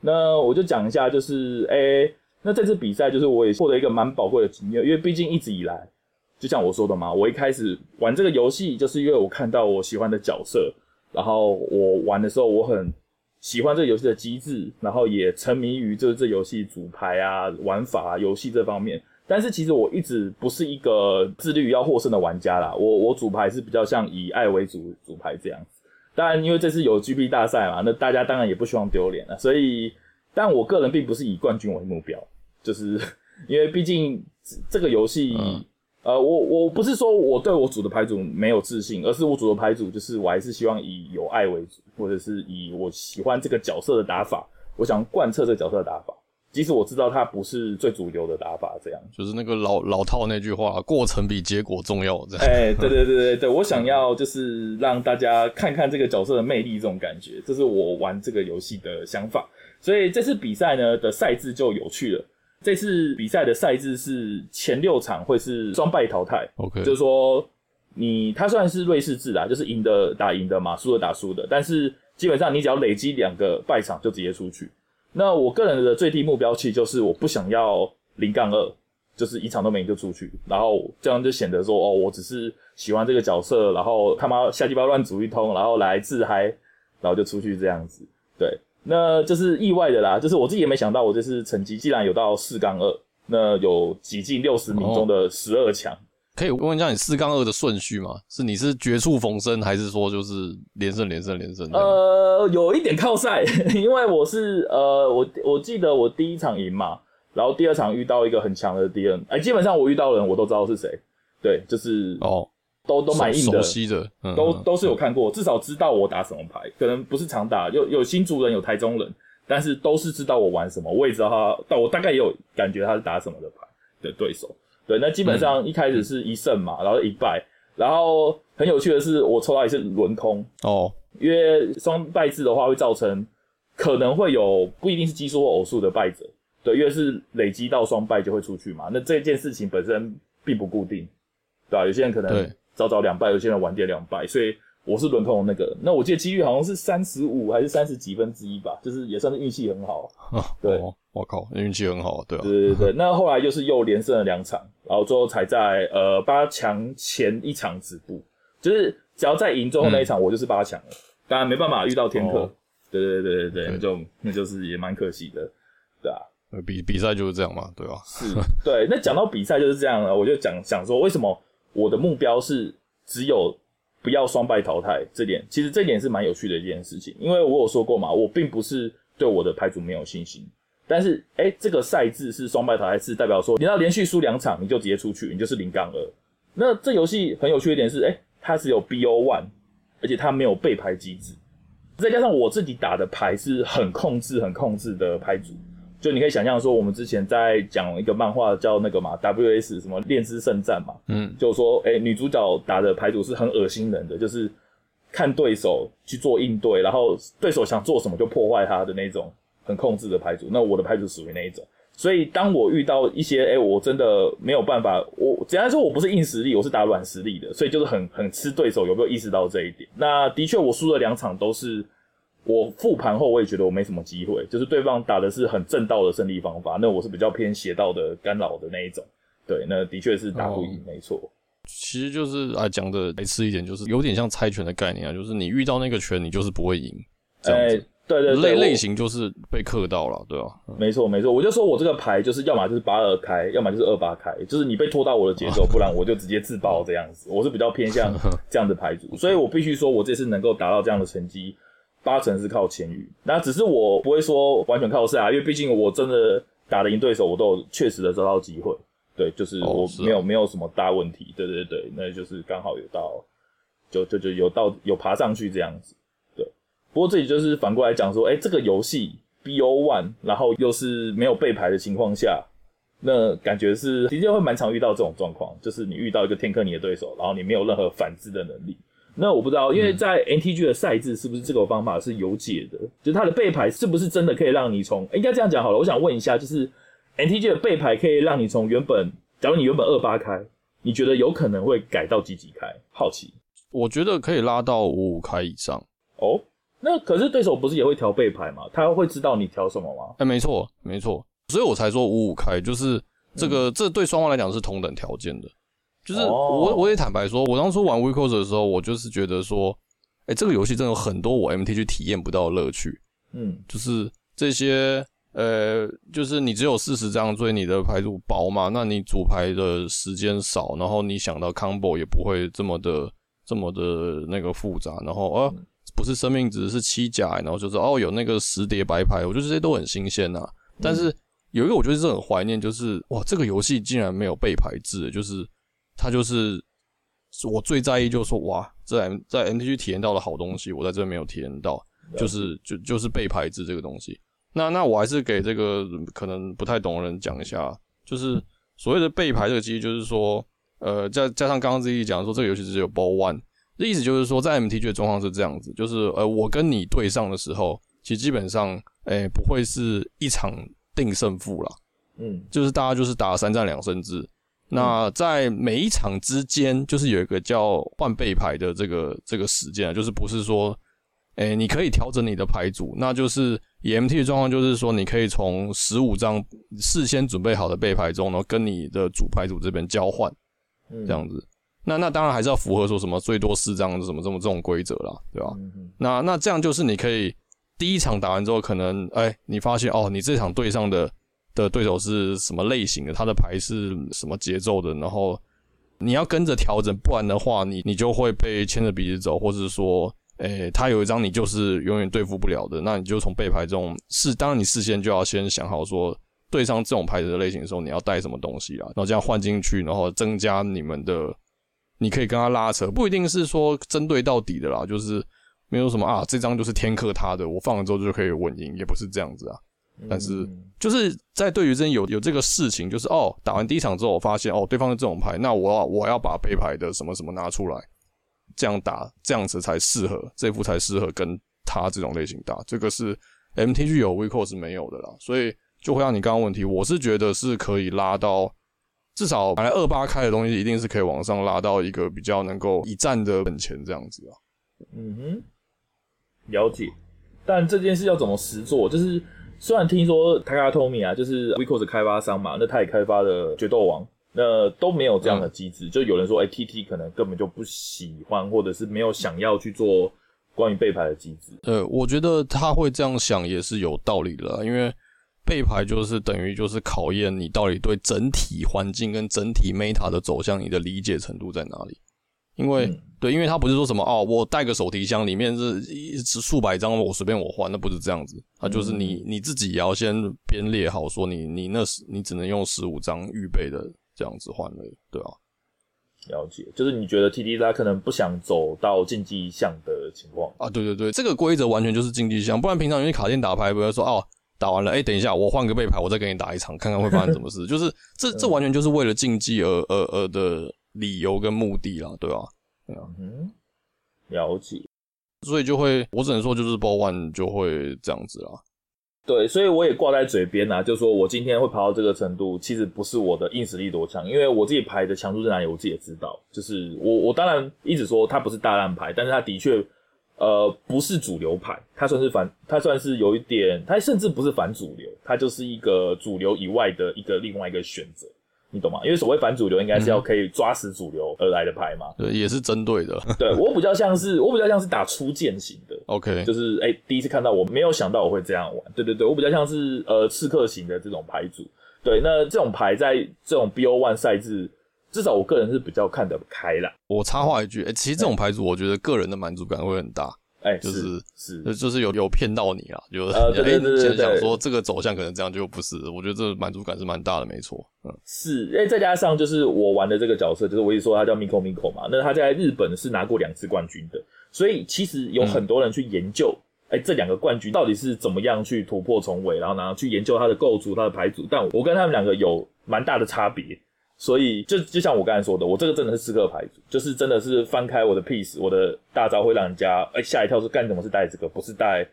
那我就講一下，就是哎、欸，那這次比賽就是我也獲得一個蠻寶貴的經驗，因為畢竟一直以來，就像我說的嘛，我一開始玩這個遊戲，就是因為我看到我喜歡的角色，然後我玩的時候我很喜歡這個遊戲的機制，然後也沉迷於就是這遊戲組牌啊、玩法啊、遊戲這方面。但是其實我一直不是一個自律要獲勝的玩家啦，我我組牌是比較像以愛為主組牌這樣子。當然，因為這次有 GP 大賽嘛，那大家當然也不希望丟臉了。所以，但我個人並不是以冠軍為目標，就是因為畢竟這個遊戲，呃，我我不是說我對我組的牌組沒有自信，而是我組的牌組就是我還是希望以有愛為主，或者是以我喜歡這個角色的打法，我想貫徹這個角色的打法。即使我知道他不是最主流的打法，這樣，就是那個老老套那句話，過程比結果重要。這樣，哎、欸，對對對對對， 我想要就是讓大家看看這個角色的魅力，這種感覺，這是我玩這個遊戲的想法。所以這次比賽呢的賽制就有趣了。這次比賽的賽制是前六場會是雙敗淘汰，OK，就是說你他雖然是瑞士制啊，就是贏的打贏的嘛，輸的打輸的，但是基本上你只要累積兩個敗場就直接出去。那我個人的最低目標，其實就是我不想要零槓二，就是一場都沒贏就出去，然後這樣就顯得說，哦，我只是喜歡這個角色，然後他媽瞎雞巴亂組一通，然後來自嗨，然後就出去這樣子。對，那就是意外的啦，就是我自己也沒想到，我這次成績竟然有到四槓二，那有擠進六十名中的十二強。哦可以問一下你四槓二的順序嗎？是你是絕處逢生，還是說就是連勝連勝連勝？呃，有一點靠賽，因為我是呃，我我記得我第一場贏嘛，然後第二場遇到一個很強的敵人，哎，基本上我遇到的人我都知道是誰，對，就是哦，都都蠻硬的，熟悉的，嗯，都都是有看過，嗯，至少知道我打什麼牌，可能不是常打，有有新竹人，有台中人，但是都是知道我玩什麼，我也知道他，但我大概也有感覺他是打什麼的牌的對手。對，那基本上一開始是一勝嘛，嗯、然後一敗，然後很有趣的是，我抽到也是輪空哦，因為雙敗制的話會造成可能會有不一定是奇數或偶數的敗者，對，因為是累積到雙敗就會出去嘛，那這件事情本身並不固定，對吧、啊？有些人可能早早兩敗，有些人晚點兩敗，所以。我是輪空那個，那我記得機率好像是三十五還是三十幾分之一吧，就是也算是運氣很好。啊、對，我、哦、靠，運氣很好、啊對啊，對對對對， 那後來又是又連勝了兩場，然後最後才在呃八強前一場止步，就是只要在贏最後那一場，嗯、我就是八強了。當然沒辦法遇到天克，哦、對對對對對，對就那就是也蠻可惜的，對啊。對比比賽就是這樣嘛，對吧、啊？是， 對。那講到比賽就是這樣，我就講想說，為什麼我的目標是只有。不要雙敗淘汰，這點其實這點是蠻有趣的一件事情，因為我有說過嘛，我並不是對我的牌組沒有信心，但是哎，這個賽制是雙敗淘汰制，代表說你要連續輸兩場你就直接出去，你就是零槓二。那這遊戲很有趣的一點是，哎，它只有 BO one，而且它沒有備牌機制，再加上我自己打的牌是很控制、很控制的牌組。就你可以想象說，我們之前在講一個漫畫叫那個嘛，WS 什麼煉師聖戰嘛，嗯，就是說，哎、欸，女主角打的牌組是很噁心人的，就是看對手去做應對，然後對手想做什麼就破壞他的那種很控制的牌組。那我的牌組屬於那一種，所以當我遇到一些，哎、欸，我真的沒有辦法，我簡單說，我不是硬實力，我是打軟實力的，所以就是很很吃對手。有沒有意識到這一點？那的確，我輸了兩場都是。我復盤後，我也覺得我沒什麼機會，就是對方打的是很正道的勝利方法，那我是比較偏邪道的干擾的那一種。對，那的確是打不贏，嗯，沒錯。其實就是啊，講的白痴一點，就是有點像猜拳的概念啊，就是你遇到那個拳，你就是不會贏，哎、欸、對，對對，類類型就是被克到了，對吧，啊嗯。沒錯沒錯，我就說我這個牌就是要麼就是八二開，要麼就是二八開，就是你被拖到我的節奏，啊、不然我就直接自爆這樣子。我是比較偏向這樣的牌組， 所以我必須說我這次能夠達到這樣的成績八成是靠籤運，那只是我不會說完全靠賽，因為畢竟我真的打得贏對手，我都有確實的找到機會。對，就是我沒有、哦啊、沒有什麼大問題。對對對，那就是剛好有到，就就就有到有爬上去這樣子。對，不過這裡就是反過來講說哎、欸，這個遊戲 BO1，然後又是沒有備牌的情況下，那感覺是的確會蠻常遇到這種狀況，就是你遇到一個天克你的對手，然後你沒有任何反制的能力。那我不知道，因為在 NTG 的賽制是不是這個方法是有解的？嗯、就是它的背牌是不是真的可以讓你從？欸、應該這樣講好了。我想問一下，就是 NTG 的背牌可以讓你從原本，假如你原本二八開，你覺得有可能會改到幾幾開？好奇。我覺得可以拉到五五開以上。哦，那可是對手不是也會調背牌嗎？他會知道你調什麼嗎？哎、欸，沒錯，沒錯。所以我才說五五開，就是這個，嗯、這對雙方來講是同等條件的。就是我，我也坦白說，我當初玩 WIXOSS 的時候，我就是覺得說，哎、欸，這個遊戲真的有很多我 MT 去體驗不到的樂趣。嗯，就是這些，呃、欸，就是你只有四十張，所以你的牌組薄嘛，那你組牌的時間少，然後你想到 combo 也不會這麼的、這麼的那個複雜。然後啊，不是生命值是七甲、欸，然後就是哦，有那個十疊白牌，我覺得這些都很新鮮啊、嗯。但是有一個我覺得是很懷念，就是哇，這個遊戲竟然沒有被牌制，就是。他就是我最在意就是，就說哇，在 M, 在 M T G 體驗到了好東西，我在這沒有體驗到，就是就就是背牌制這個東西。那那我還是給這個可能不太懂的人講一下，就是所謂的背牌這個機制，就是說呃，加加上剛剛自己講說這個遊戲只有 BO1，這意思就是說在 M T G 的狀況是這樣子，就是呃，我跟你對上的時候，其實基本上哎、欸、不會是一場定勝負啦，嗯，就是大家就是打了三戰兩勝制。那在每一場之間，就是有一個叫換備牌的這個這個時間就是不是說，哎、欸，你可以調整你的牌組，那就是 E M T 的狀況，就是說你可以從十五張事先準備好的備牌中，然後跟你的主牌組這邊交換、嗯，這樣子。那那當然還是要符合說什麼最多四張什麼這麼這種規則啦，對吧？嗯、那那這樣就是你可以第一場打完之後，可能哎、欸，你發現哦，你這場對上的。的對手是什麼類型的？他的牌是什麼節奏的？然後你要跟着調整，不然的話你，你你就會被牽着鼻子走，或者是說，誒、欸，他有一張你就是永遠對付不了的，那你就從備牌中是，當然你事先就要先想好，說對上這種牌子的類型的時候，你要帶什麼東西啊，然後這樣換進去，然後增加你們的，你可以跟他拉扯，不一定是說針對到底的啦，就是沒有什麼啊，這張就是天克他的，我放了之後就可以穩贏，也不是這樣子啊。但是就是在對於真有有這個事情，就是哦，打完第一場之後，我發現哦，對方是這種牌，那我要我要把背牌的什麼什麼拿出來，這樣打這樣子才適合，這一副才適合跟他這種類型打。這個是 MTG 有 WIXOSS 是沒有的啦，所以就回答你剛剛問題，我是覺得是可以拉到至少本來二八開的東西，一定是可以往上拉到一個比較能夠一戰的本錢這樣子啊。嗯哼，了解，但這件事要怎麼實做，就是。雖然聽說 Takara Tomy 啊,就是 WIXOSS 是開發商嘛,那他也開發了《決鬥王》,那都沒有這樣的機制，嗯。就有人說,哎、欸，TT 可能根本就不喜歡,或者是沒有想要去做關於備牌的機制。對,我覺得他會這樣想也是有道理的啦,因為備牌就是等於就是考驗你到底對整體環境跟整體 meta 的走向,你的理解程度在哪裡。因為、嗯、對，因為他不是說什麼哦，我帶個手提箱，裡面是一是數百張，我隨便我換，那不是這樣子。他就是你、嗯、你自己也要先編列好，說你你那時你只能用十五張預備的這樣子換了，對啊。了解就是你覺得 T D 他可能不想走到競技項的情況啊？對對對，這個規則完全就是競技項，不然平常因為卡線打牌不要說哦，打完了哎、欸，等一下我換個備牌，我再給你打一場，看看會發生什麼事。 就是這這完全就是為了競技而、嗯、而而的。理由跟目的啦，對吧？對啊，對啊。嗯，了解，所以就會，我只能說就是包換就會這樣子啦。對，所以我也掛在嘴邊啊，就說我今天會跑到這個程度，其實不是我的硬實力多強，因為我自己牌的強度在哪裡，我自己也知道。就是我，我當然一直說它不是大爛牌，但是它的確，呃，不是主流牌，它算是反，它算是有一點，它甚至不是反主流，它就是一個主流以外的一個另外一個選擇。你懂嗎？因為所謂反主流，應該是要可以抓死主流而來的牌嘛。對，也是針對的。 對，我比較像是，我比較像是打初見型的。OK，就是哎、欸，第一次看到我，我沒有想到我會這樣玩。對對對，我比較像是，呃，刺客型的這種牌組。對，那這種牌在這種 BO1 賽制，至少我個人是比較看得開啦。我插話一句，欸、其實這種牌組，我覺得個人的滿足感會很大。哎、欸，就是是，是，就是有有騙到你啊，就是哎，你其實想說這個走向可能這樣，就不是。我覺得這滿足感是蠻大的，沒錯。嗯，是，哎、欸，再加上就是我玩的這個角色，就是我一直說他叫 Miko Miko 嘛，那他在日本是拿過兩次冠軍的，所以其實有很多人去研究，哎、嗯欸，這兩個冠軍到底是怎麼樣去突破重圍，然後然後去研究他的構築、他的牌組，但我跟他們兩個有蠻大的差別。所以就就像我剛才說的，我這個真的是刺客牌組，就是真的是翻開我的 piece，我的大招會讓人家哎嚇、欸、一跳說，說幹什麼是帶這個，不是帶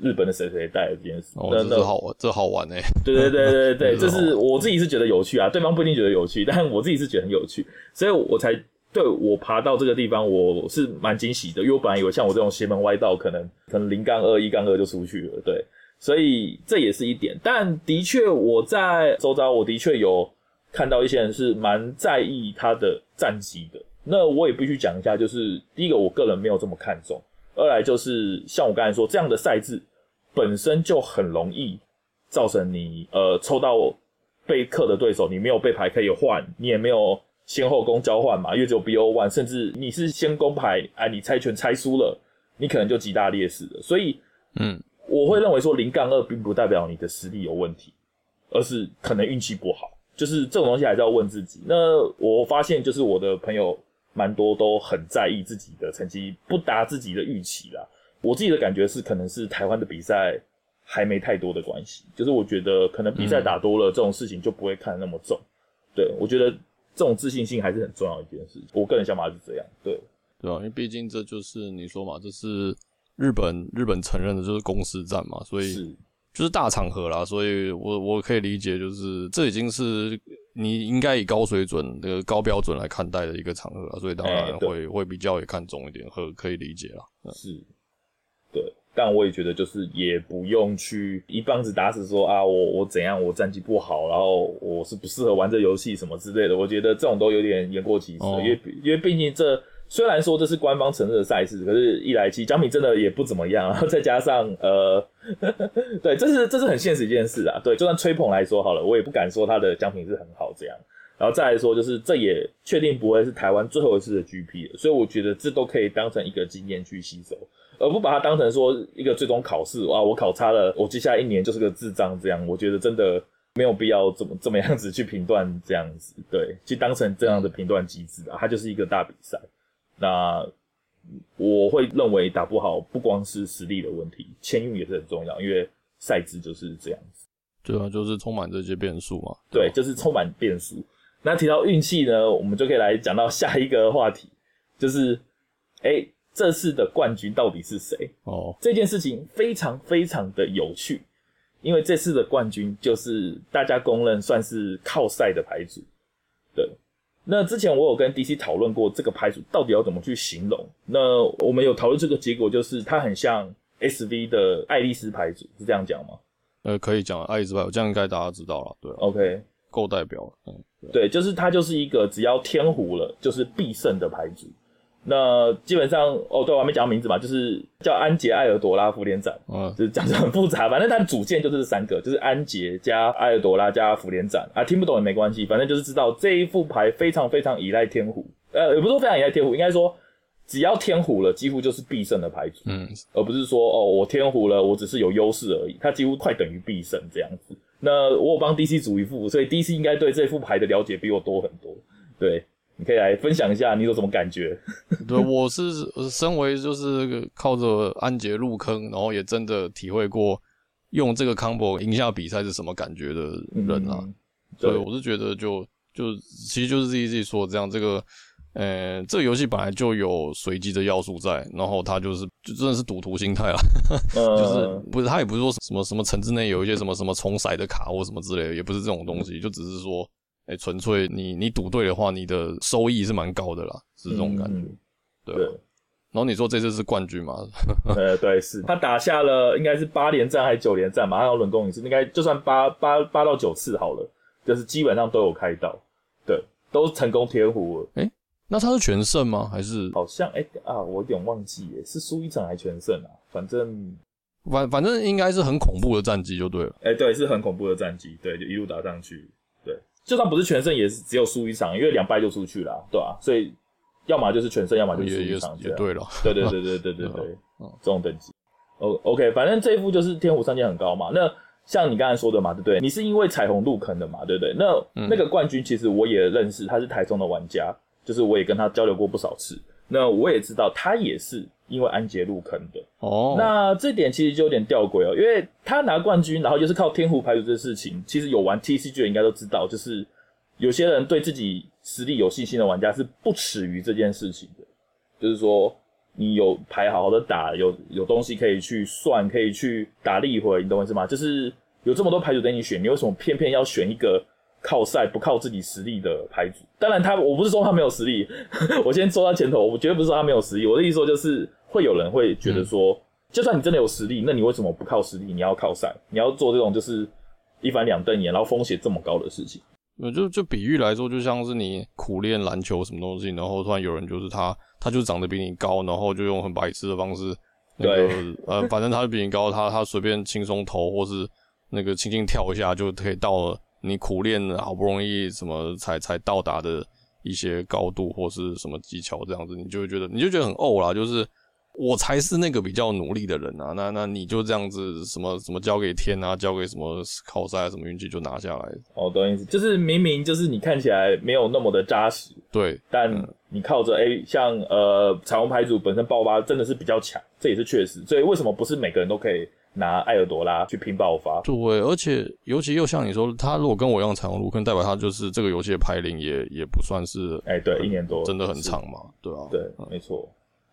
日本的誰誰帶這件事，真的好玩、欸，這好玩誒，對對對對對， 這是我自己是覺得有趣啊， 對方不一定覺得有趣，但我自己是覺得很有趣，所以我才，對我爬到這個地方，我是蠻驚喜的，因為我本來以為像我這種邪門歪道可，可能可能零槓二一槓二就出去了，對，所以這也是一點，但的確我在周遭，我的確有。看到一些人是蠻在意他的戰績的，那我也必須講一下，就是第一個我個人沒有這麼看重，二來就是像我剛才說這樣的賽制本身就很容易造成你呃抽到被克的對手，你沒有備牌可以換，你也沒有先後攻交換嘛，因為只有 BO1，甚至你是先攻牌哎，你猜拳猜輸了，你可能就極大劣勢了，所以嗯，我會認為說零槓二並不代表你的實力有問題，而是可能運氣不好。就是這種東西還是要問自己。那我發現，就是我的朋友蠻多都很在意自己的成績，不達自己的預期啦。我自己的感覺是，可能是台灣的比賽還沒太多的關係。就是我覺得，可能比賽打多了，這種事情就不會看得那麼重。嗯、對我覺得，這種自信心還是很重要一件事情。我個人想法是這樣。對對啊，因為畢竟這就是你說嘛，這是日本日本承認的就是公式戰嘛，所以。就是大場合啦，所以我我可以理解，就是這已經是你應該以高水準的、這個、高標準來看待的一個場合了，所以當然會、欸、會比較也看重一點，可可以理解了。是，對，但我也覺得就是也不用去一棒子打死說啊，我我怎樣，我戰績不好，然後我是不適合玩這遊戲什麼之類的。我覺得這種都有點言過其實、哦，因為因為畢竟這雖然說這是官方承認的賽事，可是一來七獎品真的也不怎麼樣，然後再加上呃。 對，這是這是很現實一件事啊。對，就算吹捧來說好了，我也不敢說它的獎品是很好這樣。然後再來說，就是這也確定不會是台灣最後一次的 GP 了，所以我覺得這都可以當成一個經驗去吸收，而不把它當成說一個最終考試。哇，我考差了，我接下來一年就是個智障這樣。我覺得真的沒有必要這麼這麼樣子去評斷這樣子。對，去當成這樣的評斷機制啊，它就是一個大比賽。那。我會認為打不好不光是實力的問題，簽運也是很重要，因為賽制就是這樣子。對啊，就是充滿這些變數嘛對、啊。對，就是充滿變數。那提到運氣呢，我們就可以來講到下一個話題，就是哎、欸，這次的冠軍到底是誰？哦、oh.，這件事情非常非常的有趣，因為這次的冠軍就是大家公認算是靠賽的牌組。對。那之前我有跟 DC 討論過這個牌組到底要怎麼去形容。那我們有討論這個結果，就是它很像 SV 的愛麗絲牌組，是這樣講嗎？呃，可以講愛麗絲牌，我這樣應該大家知道了，對啊，OK，夠代表了，嗯，對啊，對，就是它就是一個只要天胡了，就是必勝的牌組。那基本上，哦，對我還沒講到名字嘛，就是叫安杰艾爾朵拉福連展，嗯、oh.，就是講的很複雜，反正他的主線就是這三個，就是安杰加艾爾朵拉加福連展，啊，聽不懂也沒關係，反正就是知道這一副牌非常非常依賴天胡，呃，也不是說非常依賴天胡，應該說只要天胡了，幾乎就是必勝的牌組，嗯、mm.，而不是說哦，我天胡了，我只是有優勢而已，它幾乎快等於必勝這樣子。那我有幫 DC 組一副，所以 DC 應該對這副牌的了解比我多很多，對。你可以來分享一下你有什麼感覺？對，我是身為就是靠着安杰入坑，然後也真的體會過用這個 combo 贏下比賽是什麼感覺的人啊。嗯、對所以我是覺得就，就就其實就是自己自己說的這樣，這個呃、欸、這個遊戲本來就有隨機的要素在，然後他就是就真的是賭徒心態啊。嗯、 就是不是他也不是說什麼什麼城之內有一些什麼什麼重骰的卡或什麼之類的，也不是這種東西，就只是說。哎、欸，純粹你你賭對的話，你的收益是蠻高的啦，是這種感覺，嗯嗯，對啊，對。然後你說這次是冠軍嘛？對對，是。他打下了應該是八連戰還是九連戰？馬上要輪攻一次，應該就算八八八到九次好了，就是基本上都有開到，對，都成功天胡了。哎、欸，那他是全勝嗎？還是？好像哎、欸、啊，我有點忘記耶，是輸一場還是全勝啊？反正反反正應該是很恐怖的戰績就對了。哎、欸，對，是很恐怖的戰績，對，就一路打上去。就算不是全勝，也是只有輸一場，因為兩敗就出去了，對吧、啊？所以要麼就是全勝，要麼就是輸一場，對了。對對對對對對對,對,對、嗯嗯，這種等級。哦，OK，反正這一副就是天虎上限很高嘛。那像你剛才說的嘛，對不對,對？你是因為彩虹入坑的嘛，對不對,對？那、嗯、那個冠軍其實我也認識，他是台中的玩家，就是我也跟他交流過不少次。那我也知道他也是。因為安傑入坑的哦，oh. 那這點其實就有點吊詭哦、喔，因為他拿冠軍，然後又是靠天胡牌組這件事情，其實有玩 T C G 的應該都知道，就是有些人對自己實力有信心的玩家是不恥於這件事情的，就是說你有牌好好的打，有有東西可以去算，可以去打立回，你懂我意思嗎？就是有這麼多牌組等你選，你為什麼偏偏要選一個？靠賽不靠自己實力的牌組。當然他我不是說他沒有實力， 我先說到前頭，我絕對不是說他沒有實力，我的意思說就是會有人會覺得說，嗯、就算你真的有實力，那你為什麼不靠實力，你要靠賽，你要做這種就是一翻兩瞪眼，然後風險這麼高的事情？就就比喻來說，就像是你苦練籃球什麼東西，然後突然有人就是他，他就長得比你高，然後就用很白痴的方式，那個、對。呃， 反正他就比你高，他他隨便輕鬆投，或是那個輕輕跳一下就可以到了。你苦練了，好不容易什麼才才到達的一些高度或是什麼技巧，這樣子你就會覺得，你就覺得很慪啦，就是我才是那個比較努力的人啊。那那你就這樣子什麼什麼交給天啊，交給什麼靠塞，啊、什麼運氣就拿下來。哦，懂我意思，就是明明就是你看起來沒有那麼的扎實，對，但你靠着哎，嗯，像呃彩虹牌組本身爆發真的是比較強，這也是確實。所以為什麼不是每個人都可以？拿艾爾多拉去拼爆發，對，而且尤其又像你說，他如果跟我一樣用彩虹路，可代表他就是這個遊戲的牌齡也也不算是，哎、欸，對，一年多真的很長嘛，對啊，對，沒錯、嗯，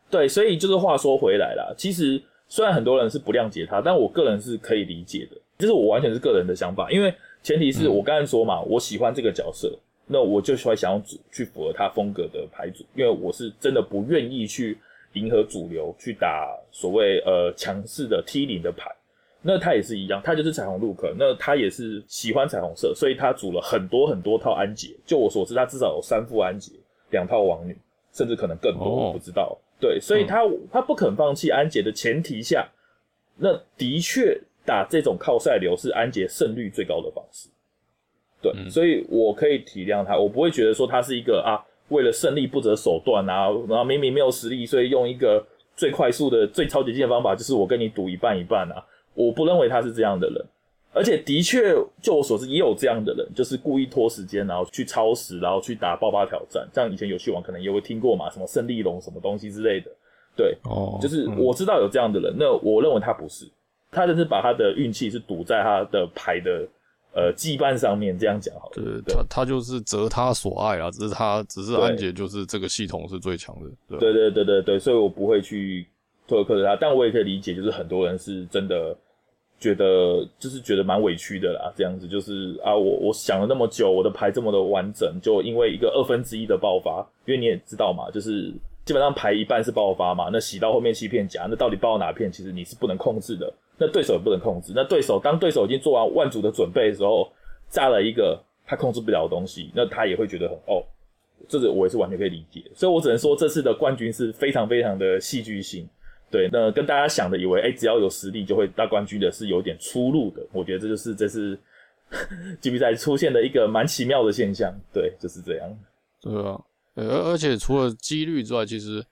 對，所以就是話說回來啦，其實雖然很多人是不諒解他，但我個人是可以理解的，就是我完全是個人的想法，因為前提是我剛才說嘛、嗯，我喜歡這個角色，那我就喜歡想要組去符合他風格的牌組，因為我是真的不願意去。迎合主流去打所謂呃強勢的 T 零的牌，那他也是一樣，他就是彩虹路客，那他也是喜歡彩虹色，所以他組了很多很多套安杰，就我所知，他至少有三副安杰，兩套王女，甚至可能更多，我不知道、哦。對，所以他他不肯放棄安杰的前提下，那的確打這種靠賽流是安杰勝率最高的方式。對，嗯、所以我可以體諒他，我不會覺得說他是一個啊。為了勝利不擇手段啊，然後明明沒有實力，所以用一個最快速的、最超捷徑的方法，就是我跟你賭一半一半啊！我不認為他是這樣的人，而且的確，就我所知，也有這樣的人，就是故意拖時間，然後去超時，然後去打爆發挑戰。像以前遊戲王可能也會聽過嘛，什麼勝利龍什麼東西之類的，對，哦，就是我知道有這樣的人、嗯。那我認為他不是，他就是把他的運氣是賭在他的牌的。呃，羈絆上面這樣講好了。對對對，他他就是擇他所愛啊，只是他只是安傑就是這個系統是最強的。對對對對對，所以我不會去唾棄他，但我也可以理解，就是很多人是真的覺得就是覺得蠻委屈的啦，這樣子就是啊，我我想了那麼久，我的牌這麼的完整，就因為一個二分之一的爆發，因為你也知道嘛，就是基本上牌一半是爆發嘛，那洗到後面七片甲，那到底爆哪片，其實你是不能控制的。那對手也不能控制，那對手當對手已經做完萬組的準備的時候，炸了一個他控制不了的東西，那他也會覺得很哦，這個我也是完全可以理解，所以我只能說這次的冠軍是非常非常的戲劇性，對，那跟大家想的以為哎、欸、只要有實力就會拿冠軍的是有點出入的，我覺得這就是這次 g b 賽出現的一個蠻奇妙的現象，對，就是這樣，對啊，而、欸、而且除了幾率之外，其實。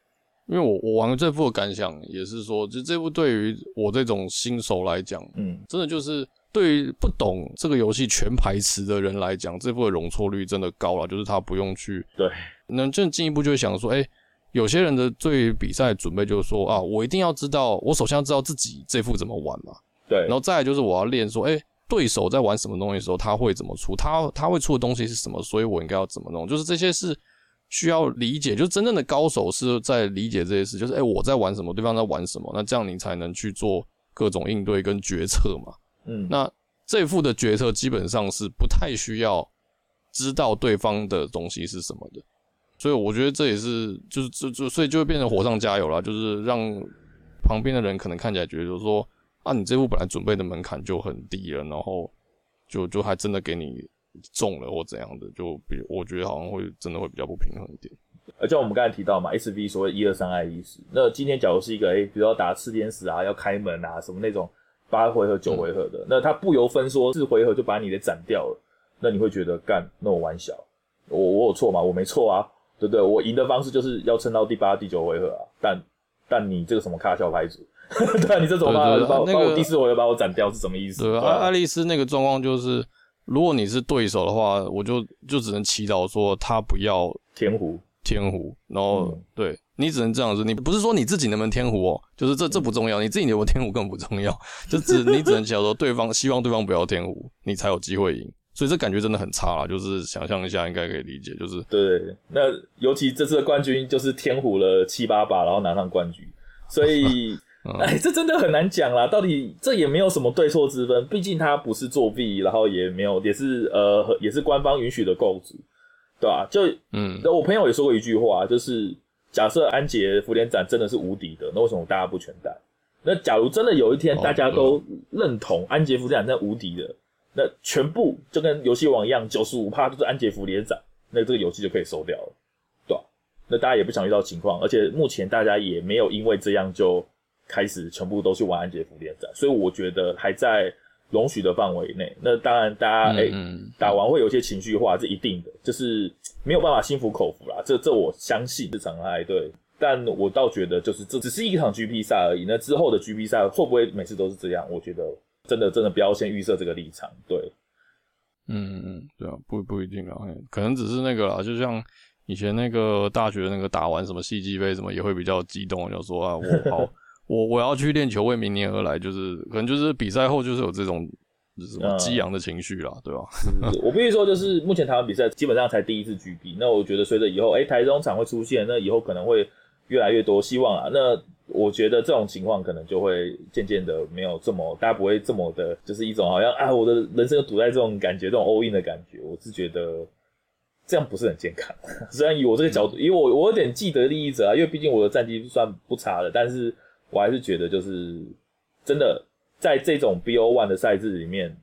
因為我我玩這副的感想也是說，其實這副對於我這種新手來講，嗯，真的就是對於不懂這個遊戲全牌池的人來講，這副的容錯率真的高了，就是他不用去對，那正進一步就會想說，哎、欸，有些人的對比賽準備就是說啊，我一定要知道，我首先要知道自己這副怎麼玩嘛，對，然後再來就是我要練說，哎、欸，對手在玩什麼東西的時候他會怎麼出，他他會出的東西是什麼，所以我應該要怎麼弄，就是這些是。需要理解，就是真正的高手是在理解這些事，就是誒、欸，我在玩什麼，對方在玩什麼，那這樣你才能去做各種應對跟決策嘛。嗯，那這副的決策基本上是不太需要知道對方的東西是什麼的，所以我覺得這也是就是就就所以就會變成火上加油啦。就是讓旁邊的人可能看起來覺得就是說啊，你這副本來準備的門檻就很低了，然後就就還真的給你。中了或怎樣的，就比我覺得好像會真的會比較不平衡一點。而像我們剛才提到嘛，S V 所謂一、二、三、愛麗絲。那今天假如是一個哎、欸，比如說打熾天使啊，要開門啊什麼那種八回合、九回合的，嗯、那他不由分說四回合就把你給斬掉了，那你會覺得幹，那我玩小，我我有錯嗎？我沒錯啊，對不對？我贏的方式就是要撐到第八、第九回合啊。但但你這個什麼卡喬牌組， 對啊，你這種話把，啊那個、把我第四回合把我斬掉是什麼意思？愛愛麗絲那個狀況就是。如果你是對手的話，我就就只能祈禱說他不要天胡天胡，然後、嗯、對，你只能這樣子。你不是說你自己能不能天胡哦、喔，就是這這不重要，你自己能不能天胡更不重要，嗯、就只你只能祈禱說對方 希望對方不要天胡，你才有機會贏。所以這感覺真的很差啦，就是想象一下應該可以理解，就是對。那尤其這次的冠軍就是天胡了七八把，然後拿上冠軍，所以。 哎，這真的很難講啦。到底這也沒有什麼對錯之分，畢竟它不是作弊，然後也沒有也是呃，也是官方允許的構築，對吧、啊？就嗯，就我朋友也說過一句話，就是假設安杰福連展真的是無敵的，那為什麼大家不全帶？那假如真的有一天大家都認同安杰福連展是無敵的、哦哦，那全部就跟遊戲王一樣，九十五趴都是安杰福連展，那這個遊戲就可以收掉了，對吧、啊？那大家也不想遇到情況，而且目前大家也沒有因為這樣就，開始全部都是玩安杰福連戰，所以我覺得還在容許的範圍內。那當然，大家哎、嗯嗯欸、打完會有些情緒化，是一定的，就是沒有辦法心服口服啦。這這我相信是常態，對。但我倒覺得就是這只是一場 G P 賽而已。那之後的 G P 賽會不會每次都是這樣？我覺得真的真的不要先預設這個立場。對，嗯嗯嗯，對啊，不不一定啊、欸，可能只是那個啊，就像以前那個大學那個打完什麼系際盃什麼也會比較激動，就說啊我好。 我我要去練球，為明年而來，就是可能就是比賽後就是有這種、就是、什麼激昂的情緒啦，嗯、對吧？我必須說，就是目前台灣比賽基本上才第一次 GP，那我覺得隨着以後，哎，台中場會出現，那以後可能會越來越多。希望啊，那我覺得這種情況可能就會漸漸的沒有這麼，大家不會這麼的，就是一種好像啊，我的人生就堵在這種感覺，這種 all in 的感覺，我是覺得這樣不是很健康。雖然以我這個角度，因、嗯、為我我有點既得利益者啊，因為畢竟我的戰績算不差的，但是。我還是覺得，就是真的，在這種 BO1 的賽制裡面，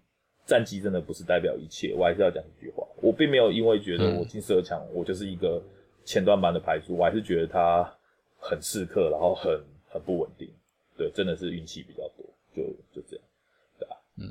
戰績真的不是代表一切。我還是要講一句話，我並沒有因為覺得我進四強，我就是一個前端版的牌組。我還是覺得他很刺客，然後很很不穩定，對，真的是運氣比較多，就就這樣，對吧、啊？嗯，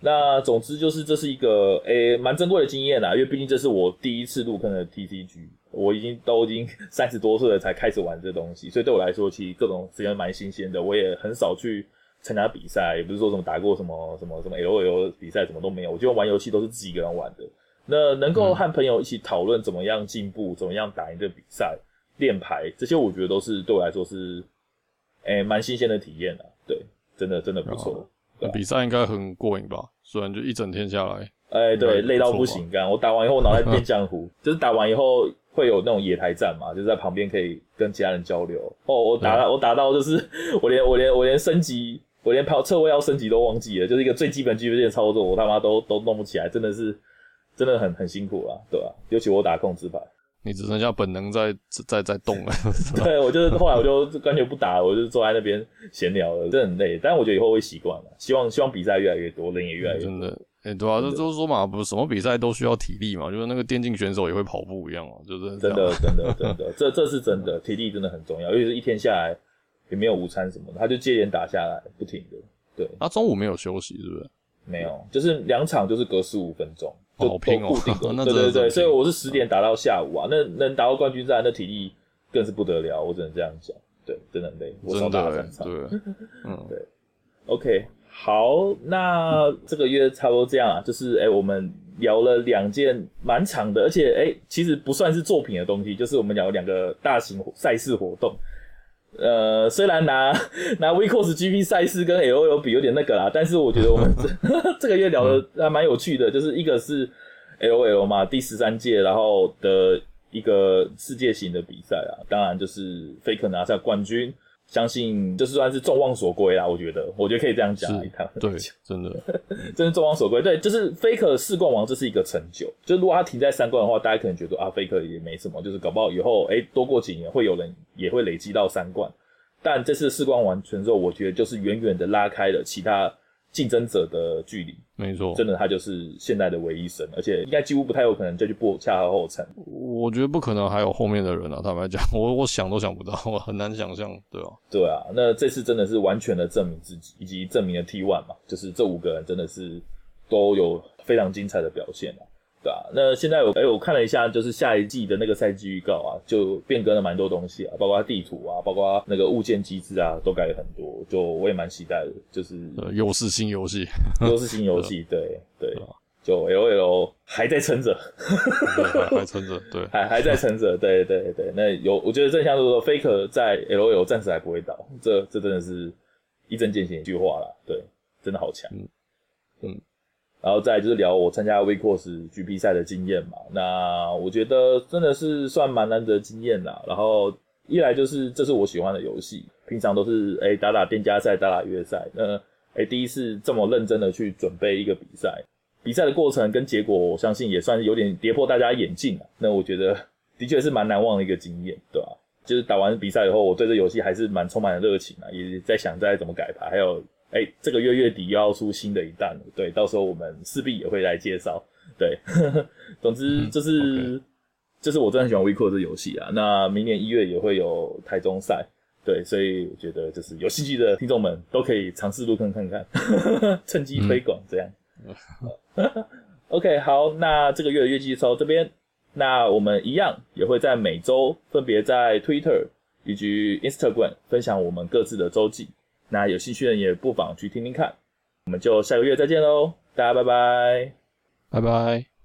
那總之就是這是一個誒蠻、欸、珍貴的經驗啦，因為畢竟這是我第一次入坑的 TCG。我已經都已經三十多歲了才開始玩這個東西，所以對我來說，其實各種資源蠻新鮮的。我也很少去參加比賽，也不是說什麼打過什麼什麼什麼 L O L 比賽，什麼都沒有。我覺得玩遊戲都是自己一個人玩的。那能夠和朋友一起討論怎麼樣進步，怎麼樣打贏這個比賽、練牌，這些我覺得都是對我來說是，哎、欸，蠻新鮮的體驗啊。對，真的真的不錯。啊啊、比賽應該很過癮吧？雖然就一整天下來，哎、欸，對，累到不行幹。我打完以後，後，我腦袋變漿糊，就是打完以後。會有那種野台戰嘛，就是在旁邊可以跟其他人交流。哦，我打我打到就是、啊、我連我連我連升級，我連跑側位要升級都忘記了，就是一個最基本基本操作，我他媽都都弄不起來，真的是真的很很辛苦啊，對吧、啊？尤其我打控制牌，你只剩下本能在在在，在動了。 對，我就是後來我就乾脆不打了，我就坐在那邊閒聊了，真的很累。但是我覺得以後會習慣了，希望希望比賽越來越多，人也越來越多。嗯，真的。哎、欸，對啊，就就是說嘛，不是什麼比賽都需要體力嘛，就是那個電競選手也會跑步一樣嘛、啊、就是真，真的，真的，真的，這這是真的，體力真的很重要，尤其是一天下來也沒有午餐什麼的，他就接連打下來，不停的，對，他、啊、中午沒有休息，是不是？沒有，就是兩場就是隔十五分鐘、哦，好拼哦，固定哦那拼，對對對，所以我是十點打到下午啊，啊，那能打到冠軍戰、啊，那體力更是不得了，我只能這樣講，對，真的累，的我少打兩場對，對，嗯，對，OK。好，那這個月差不多這樣啊，就是誒、欸、我們聊了兩件蠻長的，而且誒、欸、其實不算是作品的東西，就是我們聊兩個大型賽事活動。呃，雖然拿拿 WIXOSS GP 賽事跟 LOL 比有點那個啦，但是我覺得我們這， 這個月聊的還蠻有趣的，就是一個是 LOL 嘛，第十三屆，然後的一個世界型的比賽啊，當然就是 Faker 拿下冠軍，相信就是算是眾望所歸啦，我覺得，我覺得可以這樣講一趟。對， 真的， 真是眾望所歸。對，就是 Faker 的四冠王，這是一個成就。就是如果他停在三冠的話，大家可能覺得啊，Faker 也沒什麼。就是搞不好以後，哎、欸，多過幾年會有人也會累積到三冠。但這次四冠王之後，我覺得就是遠遠的拉開了其他。競爭者的距離，沒錯，真的他就是現代的唯一神，而且應該幾乎不太有可能就去步恰好後塵。我覺得不可能還有後面的人啊，坦白講，我我想都想不到，我很難想象對啊對啊，那這次真的是完全的證明自己，以及證明了 T1 嘛，就是這五個人真的是都有非常精彩的表現啊。那現在我哎、欸，我看了一下，就是下一季的那個賽季預告啊，就變更了蠻多東西啊，包括地圖啊，包括那個物件機制啊，都改了很多。就我也蠻期待的，就是又是新遊戲，又是新遊戲，對對。嗯、就 LOL 還在撐着， 還撐着，對，還還在撐着，對對對， 對對對。那有，我覺得正像是說，Faker 在 LOL 暫時還不會倒，這這真的是一針見血一句話啦，對，真的好強，嗯。嗯然後再來就是聊我參加 WIXOSS GP 賽的經驗嘛，那我覺得真的是算蠻難得經驗啦。然後一來就是這是我喜歡的遊戲，平常都是哎打打店家賽、打打約賽，那哎第一次這麼認真的去準備一個比賽，比賽的過程跟結果，我相信也算是有點跌破大家眼鏡了。那我覺得的確是蠻難忘的一個經驗，對吧、啊？就是打完比賽以後，我對這遊戲還是蠻充滿的熱情啊，也在想再怎麼改牌，還有。哎，這個月月底又要出新的一彈了，對，到時候我們勢必也會來介紹。對，呵呵總之就是、嗯 okay. 就是我真的很喜歡 WIXOSS 這遊戲啊。那明年一月也會有台中賽，對，所以我覺得就是有興趣的聽眾們都可以嘗試入坑看看呵呵，趁機推廣這樣。嗯、 OK，好，那這個月的月記的時候，這邊那我們一樣也會在每周分別在 Twitter 以及 Instagram 分享我們各自的周記。那有興趣的也不妨去聽聽看，我們就下個月再見嘍，大家拜拜，拜拜。